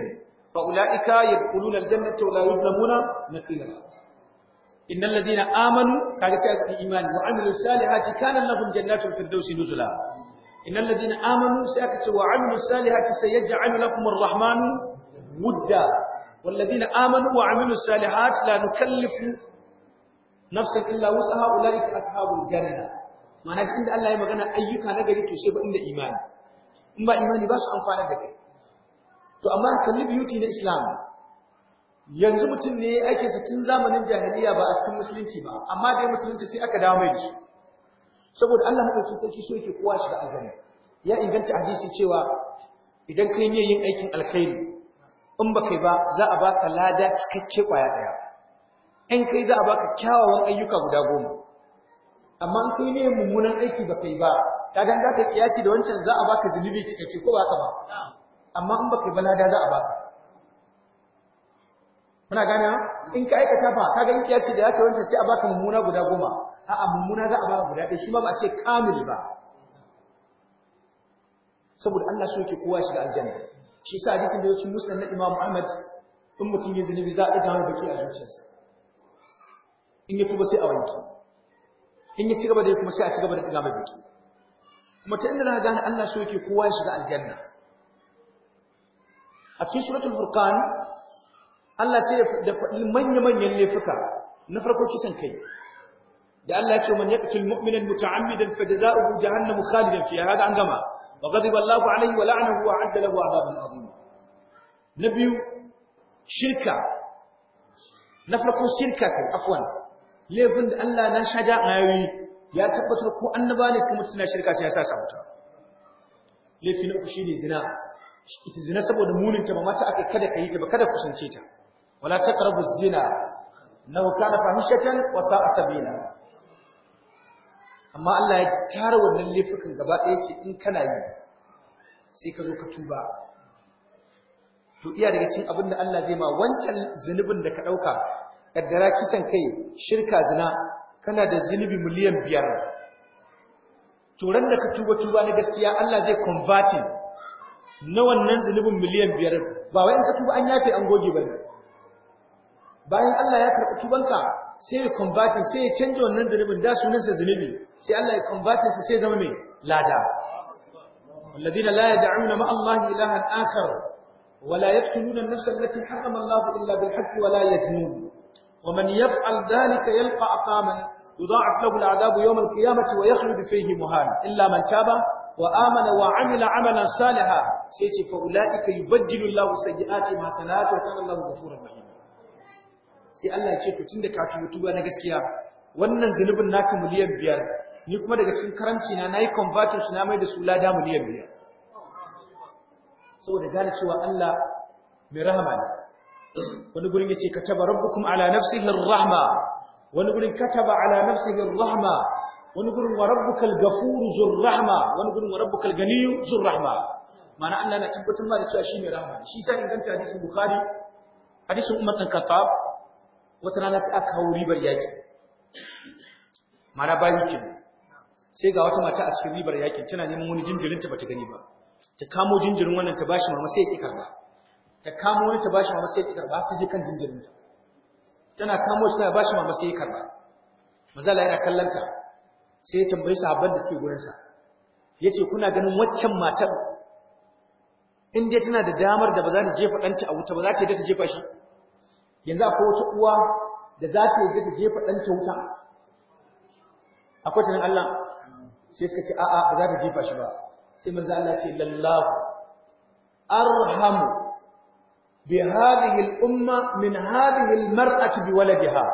فاولئك يدخلون الجنه ولا يظلمون نقيرا ان الذين امنوا كان سيئات الايمان وعملوا الصالحات كان لهم جنات الفردوس نزلا Ina ladina amanu sai aka ce wa amilus salihati sayaj'alu lakum ar-rahman wudda wal ladina amanu wa amilus salihati la nukallifu nafsan illa wus'aha ulaika ashabul janna ma'ana inda Allah ya magana ayyuka na gari to sai ba inda in ba imani ba su amfana da kai to amma kalli beauty na islam yanzu mutum ne aikinsa tun zamanin jahiliya ba a cikin musulunci ba amma dai musulunci sai aka dawo saboda Allah madaukakin sarki so yake kowa shiga aljanna ya inganta hadisi cewa idan kai ne yin aikin alkhairi in ba kai ba za a baka lada cikakke kwaya daya in kai za a baka kyawawan ayyuka guda goma amma in kai ne mummunan aiki ba kai ba kaga za ka kiyasi da wancan za a baka zunubi cikakke ko ba ka ba amma in ba kai ba lada za a baka muna gane in ka aikata fa kaga in kiyasi da yake wancan sai a baka mummuna guda goma a'a mummuna za a ba guda ɗaya shi ma ba a ce kamil ba saboda Allah so yake kowa shiga aljanna shi sa hadisin da yake musnad na Imam Ahmad in mutum ya zunubi za a ɗaga mai baki a zuciyarsa in ya tuba sai a wanke in ya ci gaba da kuma sai a ci gaba da ɗaga mai baki kuma ta inda na gane Allah so yake kowa shiga aljanna a cikin suratul furqan Allah sai da faɗi manya-manyan laifuka na farko kisan kai da Allah ya ce man yaqtul mu'minan muta'ammidan fajaza'uhu jahannamu khalidan fiha hada an gama wa ghadiba Allahu alayhi wa la'anahu wa 'adda lahu 'adaban 'azima nabiyu shirka na farko shirka kai afwan laifin da Allah na shaja ayoyi ya tabbatar ko annaba ne suka mutuna shirka sai ya sa sa mutuwa laifin uku shine zina ita zina saboda munin ta ba mata akai kada kai ta ba kada kusance ta wala taqrabu zina nahu kana fahishatan wa sa'a sabila amma Allah ya tara wannan laifukan gaba ɗaya ce in kana yi sai ka zo ka tuba to iya daga cikin abin da Allah zai ma wancan zunubin da ka ɗauka kaddara kisan kai shirka zina kana da zunubi miliyan biyar to ran da ka tuba tuba na gaskiya Allah zai converting na wannan zunubin miliyan biyar ba wai in ka tuba an yafe an goge ba bayan Allah ya karɓi tubanka sai ya kumbatin sai ya canji wannan zunubin dasu nan sai zunubi sai Allah ya kumbatin sai ya zama mai lada alladina la yad'una ma Allah ilaha akhar wa na yaqtuluna an-nafs allati harrama Allah illa bil haqq wa la yaznun wa man yaf'al dhalika yalqa aqaman yudha'af lahu al'adabu yawm al-qiyamati wa yakhlud fihi muhan illa man taba wa amana wa amila amalan salihan sai ce fa ulaika yubaddilu Allah sayyi'ati ma sanatu wa kana Allah ghafurur sai Allah ya ce to tunda ka tuba tuba na gaskiya wannan zunubin naka miliyan biyar ni kuma daga cikin karanci na nayi convertin shi na mai da su lada miliyan biyar saboda gane cewa Allah mai rahama ne wani gurin yace kataba rabbukum ala nafsihi rahma wani gurin kataba ala nafsihi rahma wani gurin wa rabbukal gafuru zur rahma wani gurin wa rabbukal ganiyyu zur rahma Ma'ana Allah na tabbatar ma da cewa shi mai rahama shi sai inganta hadisin bukhari hadisin umar bin khattab wata rana sai aka kawo ribar yaƙi mana bayu ke sai ga wata mata a cikin ribar yaƙi tana neman wani jinjirin ta bata gani ba ta kamo jinjirin wannan ta bashi mama sai ya ƙi karba ta kamo wani ta bashi mama sai ya ƙi karba ta je kan jinjirin ta tana kamo shi ta bashi mama sai ya karba mazala yana kallanta sai ya tambayi sahabban da suke gurinsa ya ce kuna ganin waccan matar in dai tana da damar da ba za ta jefa ɗanta a wuta ba za ta yi da ta jefa shi yanzu akwai wata uwa da za ta yadda ta jefa ɗanta wuta akwai tunan Allah sai suka ce a'a ba za ta jefa shi ba sai manzo Allah ce lallahu arhamu bi hadhihi al-umma min hadhihi al-mar'ati bi waladiha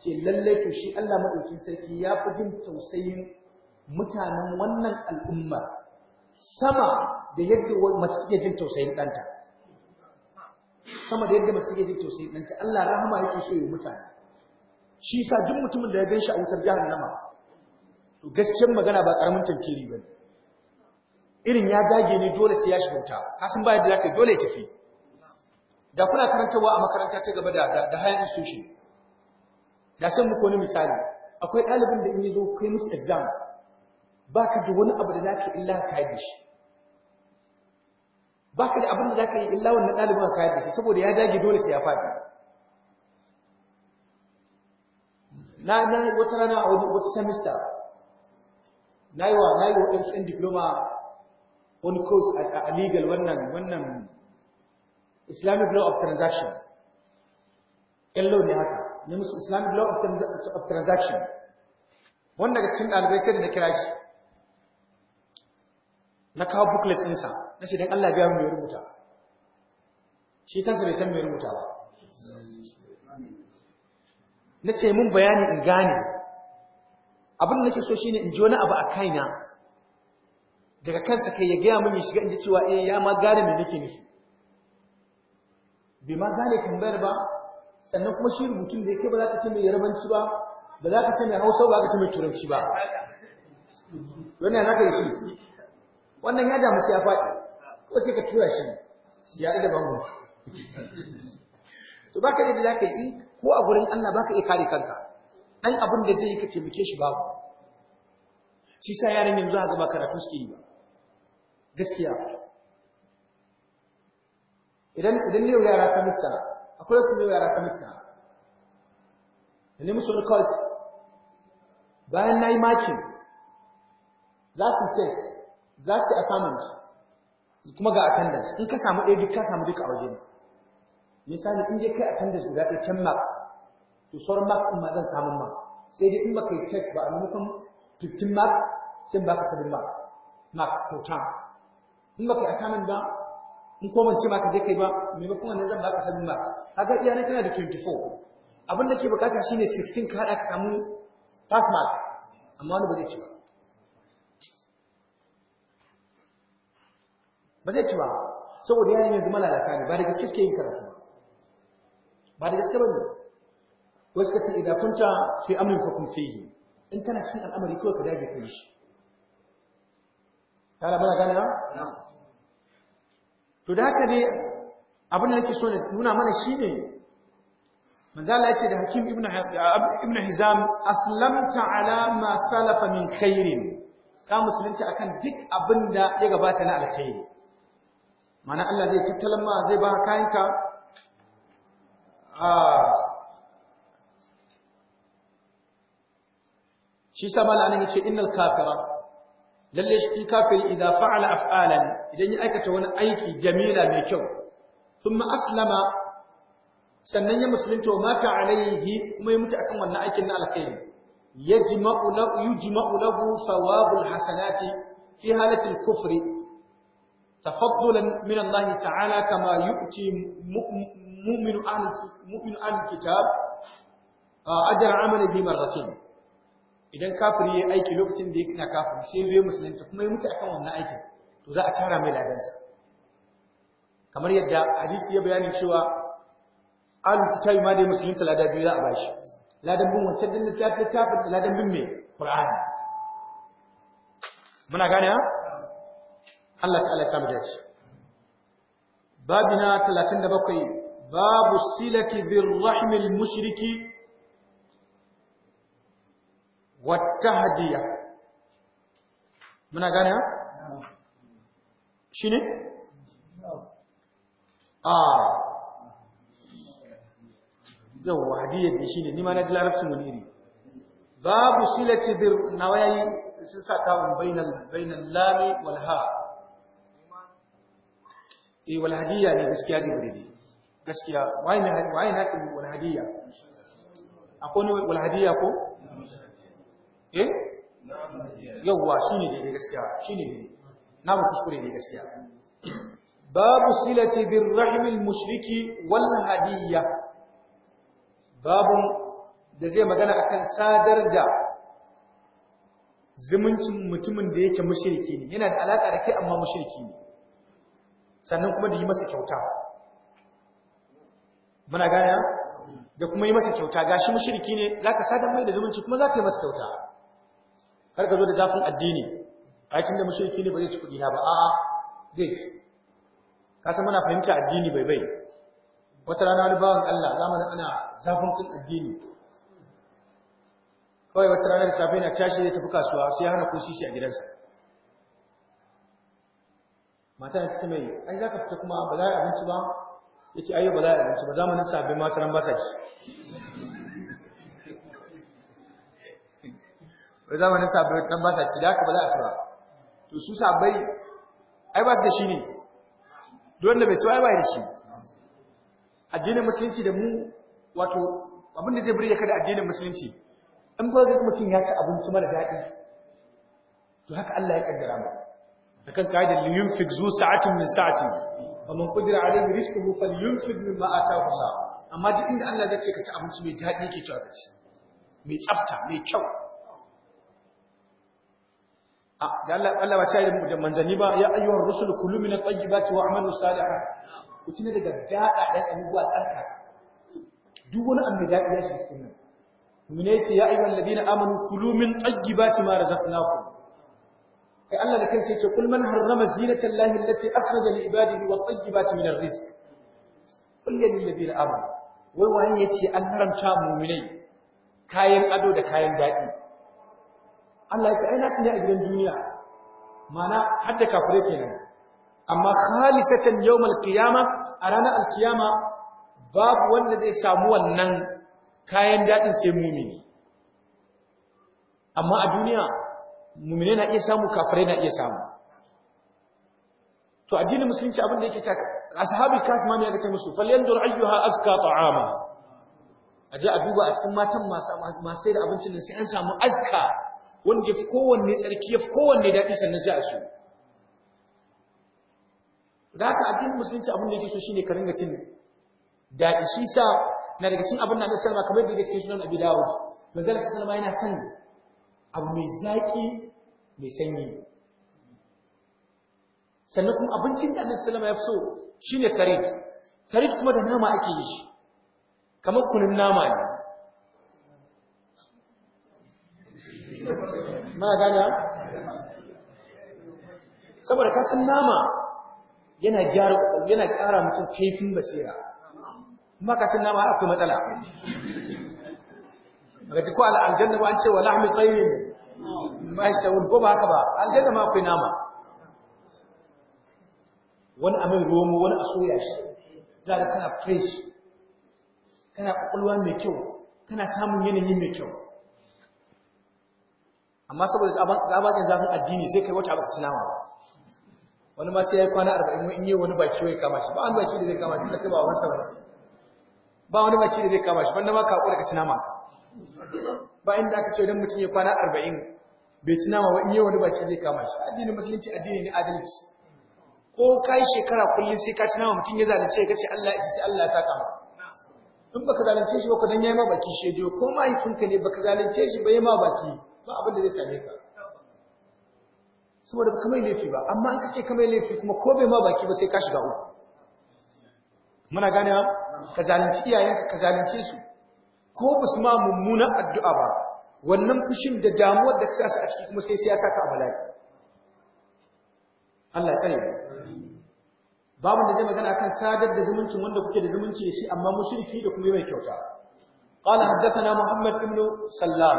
ce lalle to shi Allah madaukin sarki ya fi jin tausayin mutanen wannan al'umma sama da yadda mace take jin tausayin ɗanta sama da yadda ba su iya jin tausayi dan ta Allah rahama yake so ya mutane shi yasa duk mutumin da ya gan shi a wutar jahannama to gaskiyar magana ba karamin tantiri bane irin ya dage ne dole sai ya shi wuta ka san ba yadda zaka dole ya tafi da kuna karantawa a makaranta ta gaba da da higher institution da san muku wani misali akwai ɗalibin da in yi zo kai musu exams ka da wani abu da zaka illa ka yi shi Ba ka da abin da ka yi illa wannan ɗalibin ka yadda shi saboda ya dage dole sai ya faɗi na na wata rana a wata semester na yi wa na yi wa ɗan diploma on course a legal wannan wannan Islamic law of transaction ƴan ne haka ne musu Islamic law of transaction wanda daga cikin ɗalibai sai da na kira shi na kawo booklet ɗinsa na ce dan Allah ya mu rubuta shi kansa bai san me rubuta ba na ce mun bayani in gane abin da nake so shine in ji wani abu a kaina daga kansa kai ya gaya mun shiga in ji cewa eh ya ma gane me nake nufi bai ma gane tambayar ba sannan kuma shi rubutun da yake ba za ka ce mai yarbanci ba ba za ka ce mai hausa ba ka ce mai turanci ba wannan ya naka shi wannan ya damu sai ya faɗi wace sai ka tura shi ya da bango to baka da zaka yi ko a gurin Allah baka iya kare kanka dan abin da zai yi ka taimake shi babu shi sa yaran yanzu haka ba karatu suke yi ba gaskiya idan idan ne yara samista akwai kuma yara samista ne musu rikos bayan nayi makin za su test za su assignment kuma ga attendance in ka samu ɗaya duk ka samu duka a waje ne misali in dai kai attendance guda ɗaya ten marks to sauran marks ɗin ma zan samu ma sai dai in ba kai test ba a maimakon 15 marks sai ba ka sabin marks marks kyauta in ba kai assignment ba in ko ban ce ma ka je kai ba maimakon wannan zan ba ka sabin marks kaga iya ne kana da 24 abin da ke bukata shine 16 ka haɗa ka samu pass mark amma wani ba zai ci ba ba zai ci ba saboda yayin yanzu malalata ne ba da gaske suke yin karatu ba da gaske ba bane wasu kace idan kunta amin fa kun fihi in kana cikin al'amari kawai ka dage kai shi Ta bana gane na to da haka ne abin da nake so ne nuna mana shi ne, Allah ya ce da Hakim ibn ibn Hizam aslamta ala ma salafa min khairin ka musulunci akan duk abin da ya gabata na alkhairi mana Allah zai tattalin ma zai ba kayanka a ah. shi sa malamin yace innal kafira lalle shi kafiri idan fa'ala af'alan idan ya aikata wani aiki jamila mai kyau thumma aslama sannan ya musulunta wa mata alaihi kuma ya mutu akan wannan aikin na alkhairi yajma'u lahu yujma'u lahu thawabul hasanati fi halatil kufri tafaddulan min Allah ta'ala kama yu'ti mu'minu an mu'minu an kitab ajra amali bi marratin idan kafiri yayi aiki lokacin da yake kafiri sai yayi musulunci kuma ya mutu akan wannan aikin to za a tara mai ladansa kamar yadda hadisi ya bayani cewa ahlul kitabi ma dai musulunta lada biyu za a bashi ladan bin wancan din littafin littafin ladan bin mai qur'ani muna gane ha Allah samu dace babina 37 babu silati mushriki muna gane ha a hadiya ne ni ma na ji larabcin wani iri babu silati bir nawayi sun sa lami wal eh Walhadiya ne gaskiya jibrili gaskiya waye ne waye na tsibi wal hadiyya akwai ne Walhadiya ko eh yawwa shine ne gaskiya shine ne na ba kuskure ne gaskiya babu silati bir rahimil mushriki wal hadiyya babun da zai magana akan sadar da zumuncin mutumin da yake mushriki ne yana da alaka da kai amma mushriki ne sannan kuma da yi masa kyauta muna gaya da kuma yi masa kyauta gashi mashiriki ne ka sadar mai da zumunci kuma ka yi masa kyauta kar ka zo da zafin addini aikin da mashiriki ne ba zai ci kudi na ba a'a zai ka san muna fahimta addini bai bai wata rana wani bawan Allah zamanin ana zafin kin addini kawai wata rana da safe na tashi zai tafi kasuwa sai ya hana ko sisi a gidansa mata ta ce mai ai za ka fita kuma ba za a abinci ba ya ce ayyau ba za a abinci ba zamanin sabbin mataran ba sa ci ba zamanin sabbin mataran ba sa ci da haka ba za a ci ba to su sabbai ai ba su da shi ne don da bai ci ai ba da shi addinin musulunci da mu wato abin da zai buri ya da addinin musulunci in ba ga mutum ya ci abinci mara daɗi to haka Allah ya kaddara mu akan kaidar li yunfik zu sa'atin min sa'ati faman qudira alayhi rizquhu falyunfik mimma ataahu Allah amma duk inda Allah ya ce ka ci abinci mai daɗi yake ta ka ci mai tsafta mai kyau da Allah Allah ba ta yi da manzanni ba ya ayyuhar rusul kulu min at-tayyibati wa'malu salihan ku tuna daga daɗa ɗan abubuwa tsarka duk wani abu da ya shi cikin nan mune ce ya ayyuhal ladina amanu kulu min tayyibati ma razaqnakum sai Allah da kansa yace kul man harrama zinata allahi allati akhraja li ibadihi wat tayyibati min arrizq kul lil ladina amanu wai waye yace an haramta mu'minai kayan ado da kayan dadi Allah ya aina sun ne a gidan duniya mana har da kafire kenan amma khalisatan yawmal qiyama a ranar alkiyama babu wanda zai samu wannan kayan dadin sai mumini amma a duniya mumine na iya samu kafirai na iya samu to addinin musulunci abin da yake ta ashabi kahf ma ne yake musu falyandur ayyuha azka ta'ama aje a duba a cikin matan masu masu da abincin nan sai an samu azka wanda yafi kowanne tsarki yafi kowanne daɗi sannan sai a su da haka addinin musulunci abin da yake so shine ka ringa cin daɗi shi sa na daga cikin abin da Annabi sallama kamar da yake cikin sunan Abi Dawud manzon wasallam yana son abu mai zaƙi mai sanyi sannan kuma abincin da annabi sallama ya fi so shine sarid sarid kuma da nama ake yi shi kamar kunun nama ne mana gane saboda kasan nama yana gyara yana ƙara mutum kaifin basira kuma kasan nama akwai matsala daga ci ko aljanna ba an ce wa lahmi tayyin ma tawul ko ba haka ba aljanna ma akwai nama wani amin romo wani a soya shi za ka kana fresh kana kwakwalwa mai kyau kana samun yanayi mai kyau amma saboda tsabagen zafin addini sai kai wata abu ci nama ba wani ma sai ya kwana arba'in in yi wani baki wai kama shi ba wani baki da zai kama shi ba wani ba wani baki da zai kama shi wanda ma ka kura ka ci nama ka bayan da aka ce idan mutum ya kwana arba'in bai ci nama ba in yi wani baki zai kama shi addinin musulunci addini ne adalci ko ka yi shekara kullum sai ka ci nama mutum ya zalunce ka ce Allah ya Allah ya saka maka in baka zalunce shi ba don dan yayi ma baki shi je ko mahaifinka ne baka zalunce shi ba yayi ma baki ba abin da zai same ka saboda kamar mai laifi ba amma an kace kamar laifi kuma ko bai ma baki ba sai ka shiga uku muna gane ka zalunci iyayenka ka zalunce su ko ba su ma mummunan addu'a ba wannan fushin da damuwar da siyasa a ciki kuma sai siyasa ka bala'i Allah ya tsare babu da zai magana akan sadar da zumuncin wanda kuke da zumunci da shi amma mushriki da kuma mai kyauta قال حدثنا محمد بن سلام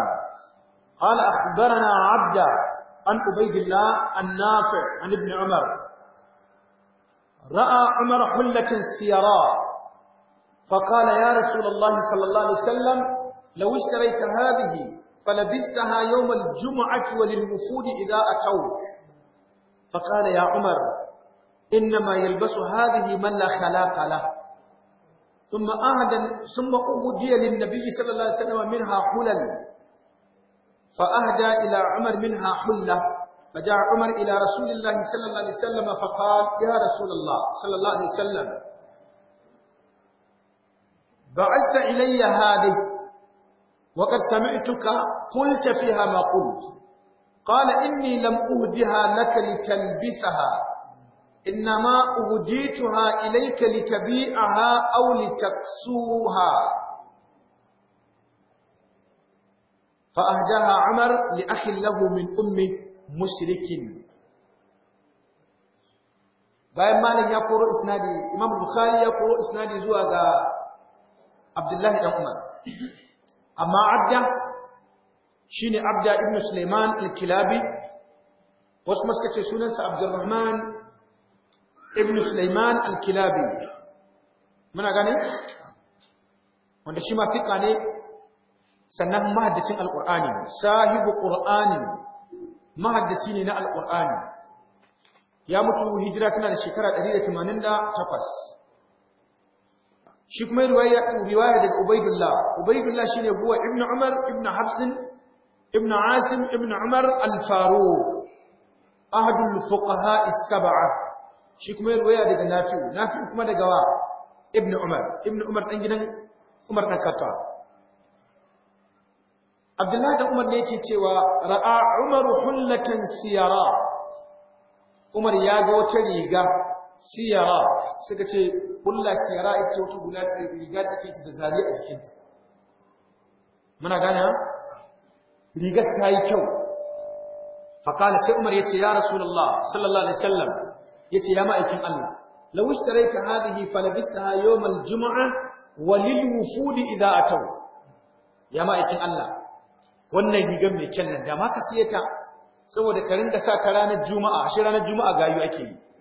قال أخبرنا عبد عن عبيد الله النافع عن ابن عمر رأى عمر حلة سيراء فقال يا رسول الله صلى الله عليه وسلم لو اشتريت هذه فلبستها يوم الجمعة وللوفود إذا أتوك فقال يا عمر إنما يلبس هذه من لا خلاق له ثم أهدى ثم أهدي للنبي صلى الله عليه وسلم منها حلل فأهدى إلى عمر منها حلة فجاء عمر إلى رسول الله صلى الله عليه وسلم فقال يا رسول الله صلى الله عليه وسلم بعثت إلي هذه وقد سمعتك قلت فيها ما قلت قال إني لم أهدها لك لتلبسها إنما أهديتها إليك لتبيعها أو لتكسوها فأهداها عمر لأخ له من أمه مشرك bayan مالك يقول إسنادي إمام البخاري يقول إسنادي زوى Abdullahi dan Umar amma abda shi ne abda ibn Sulaiman al-Kilabi wasu kuma suka sunansa Abdurrahman ibn Sulaiman al-Kilabi muna gane wanda shi ma fiqa ne sannan mahaddacin alqur'ani sahibu qur'ani mahaddaci ne na al alqur'ani ya mutu hijira tana da shekara 188 shi kuma riwaya riwaya daga Ubaydullah ubaidullah shine huwa ibn umar ibn habs ibn asim ibn umar al-faruq ahadul fuqaha as-sab'a shi kuma riwaya daga nafi'u nafi'u kuma daga wa ibn umar ibn umar dan gidan umar dan khattab abdullahi da umar ne yake cewa ra'a umaru hullatan siyara umar ya ga wata riga siyara suka ce kulla siyara ita wata guda riga da ake da zari a jikinta muna gane ha rigar ta yi kyau fakala sai umar ce ya rasulullah sallallahu alaihi wasallam yace ya ma'aikin Allah law ishtarayta hadhihi falabistaha yawm aljum'a wa lil wufud idha ataw ya ma'aikin Allah wannan rigar mai kyan nan da ma ka siye ta saboda ka rinka sa ranar juma'a shi ranar juma'a gayu ake yi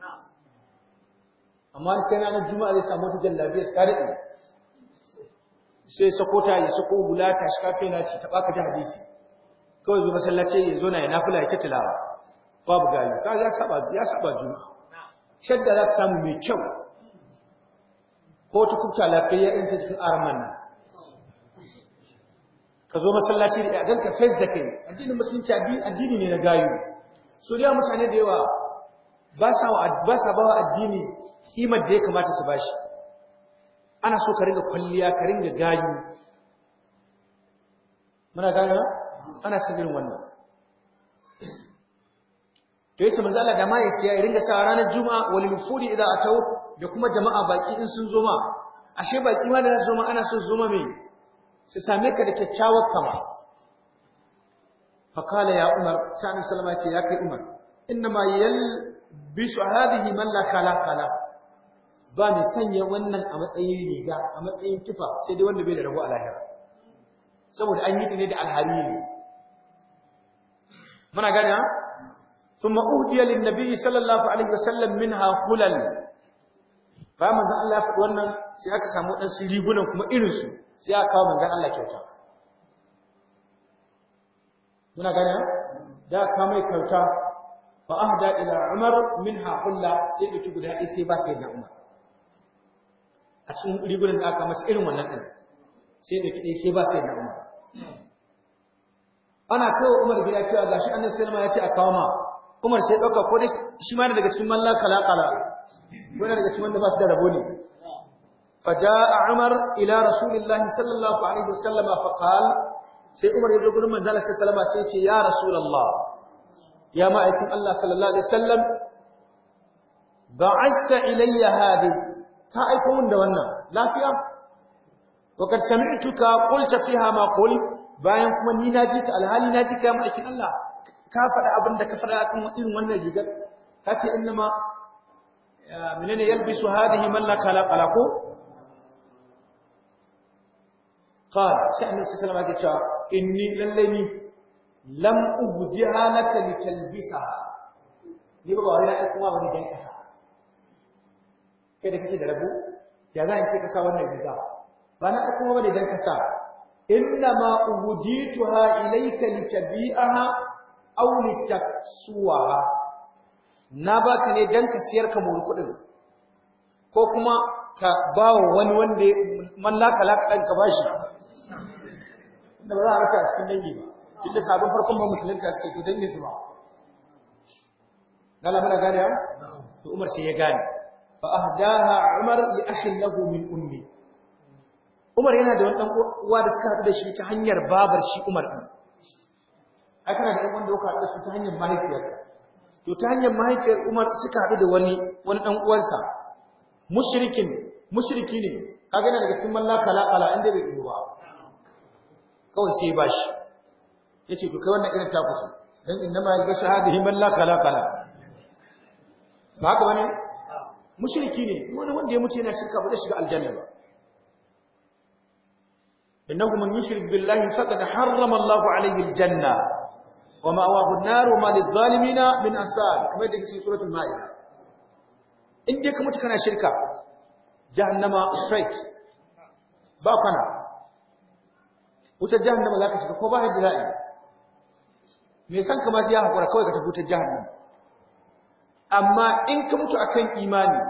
amma sai ranar juma'a zai samu wata jallabiya su kare ɗaya sai sako ta yi sako hula ta shi kafe na ci taɓa ka ji hadisi kawai zuwa masallaci ya zo na ya nafula ya tilawa babu gari ka ya saba ya saba juma'a shadda za ta samu mai kyau ko ta kuka lafiya in ta cikin arman nan ka zo masallaci da ya ganka fes da kai addinin musulunci addini ne na gayu su da mutane da yawa ba sa ba sa ba addini kimar da ya kamata su bashi ana so ka ringa kwalliya ka ringa gayu muna gane ba ana son irin wannan to yace manzo Allah da ma siya, ya ringa sa ranar juma'a wal nufuri idan atau da kuma jama'a baki in sun zo ma ashe baki ma da zo ma ana so zo ma me su same ka da kyakkyawar kama fa qala ya umar sai Salama ce ya kai umar innama yal bisu hadhihi man la khala ba ni sanya wannan a matsayin riga a matsayin tufa sai dai wanda bai da rabo a lahira saboda an yi ta ne da alhari ne muna gane ha ثم أهدي للنبي صلى الله عليه وسلم منها خلل bayan manzon Allah ya faɗi wannan sai aka samu ɗan su rigunan kuma irinsu sai aka kawo manzon Allah kyauta muna gane da ka kawo mai kyauta fa ahda ila umar minha hulla sai da guda ɗaya sai ba sai na umar a cikin rigunan da irin wannan ɗin sai da ɗaya ba sai na ana kawo umar gida cewa gashi annabi sallama ya ce a kawo ma umar sai ɗauka ko dai shi daga cikin mallan daga cikin da فجاء عمر إلى رسول الله صلى الله عليه وسلم فقال sai Umar ya zo gurin manzala sai ya ya ma'aikin Allah sallallahu alaihi wasallam ba'asta ilayya hadi ka aiko mun da wannan lafiya wa kad sami'tuka qulta fiha ma bayan kuma ni ji ka alhali naji ka ya ma'aikin Allah ka faɗa abin da ka faɗa akan irin wannan rigar ka ce innama menene yalbisu hadihi man la sai lam ubdiha laka litalbisaha ni ba wani na kuma wani dan kasa kai da kake da rabu ya za in ce kasa wannan riga ba na aiko kuma wani dan kasa inna ma ubdituha ilayka tabi'aha aw litaksuwaha na ba ka ne dan ka siyar ka mori kudin ko kuma ka bawa wani wanda mallaka laka dan ka bashi da ba za a rasa cikin dangi ba tunda sabon farkon ba musulunta suke to dan me su ba dala muna gane ya to Umar sai ya gane fa ahdaha Umar li akhin lahu min ummi Umar yana da wani uwa da suka haɗu da shi ta hanyar babar shi Umar din ai kana da ɗan wanda ka haɗu da ta hanyar mahaifiyar to ta hanyar mahaifiyar Umar suka haɗu da wani wani dan uwarsa mushrikin mushriki ne kaga yana daga cikin mallaka la'ala inda bai ba kawai sai ba shi yace to kai wannan irin ta kusa dan innama yagashu hadhihi man la kala-kala. ba haka bane mushriki ne wani wanda ya mutu yana shirka ba zai shiga aljanna ba innahu man yushrik billahi faqad harrama Allahu alayhi aljanna wa ma'awahu an-nar wa ma lidh-dhalimina min ansar kamar da cikin suratul ma'idah in dai ka mutu kana shirka jahannama straight ba kana Wuta jahannama za ka shiga ko ba yadda za a me san ka ma sai ya hakura kawai ka tafi ta jahannam amma in ka mutu akan imani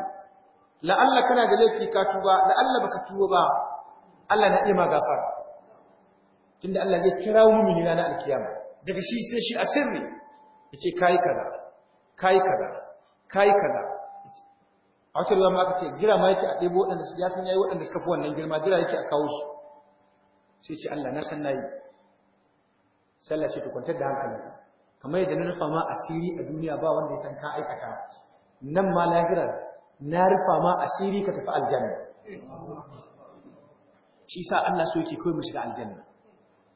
la'alla kana da laifi ka tuba la'alla baka tuba ba Allah na iya ma tunda Allah zai kira mu'mini na alkiyama daga shi sai shi a sirri yace kai kaza kai kaza kai kaza akwai Allah ma aka ce jira ma yake a wadanda su ya san yayi waɗanda suka fi wannan girma jira yake a kawo su sai ce Allah na san nayi sallah ce to kwantar da hankali. kamar yadda na rufa ma asiri a duniya ba wanda ya san ka aikata nan ma lahirar na rufa ma asiri ka tafi aljanna shi sa Allah so yake kai mu shiga aljanna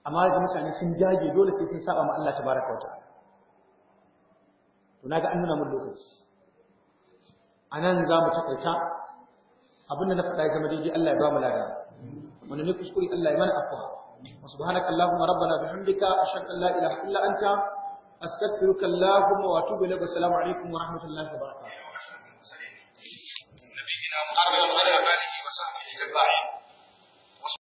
amma ga mutane sun jage dole sai sun saba ma Allah tabaraka wa ta'ala to naga an nuna mun lokaci anan za mu takaita abinda na faɗa ga madaji Allah ya ba mu lada wanda ne kuskure Allah ya mana afwa وسبحانك اللهم ربنا بحمدك أشهد أن لا إله إلا أنت أستغفرك اللهم وأتوب إليك والسلام عليكم ورحمة الله وبركاته. نبينا محمد وعلى آله وصحبه أجمعين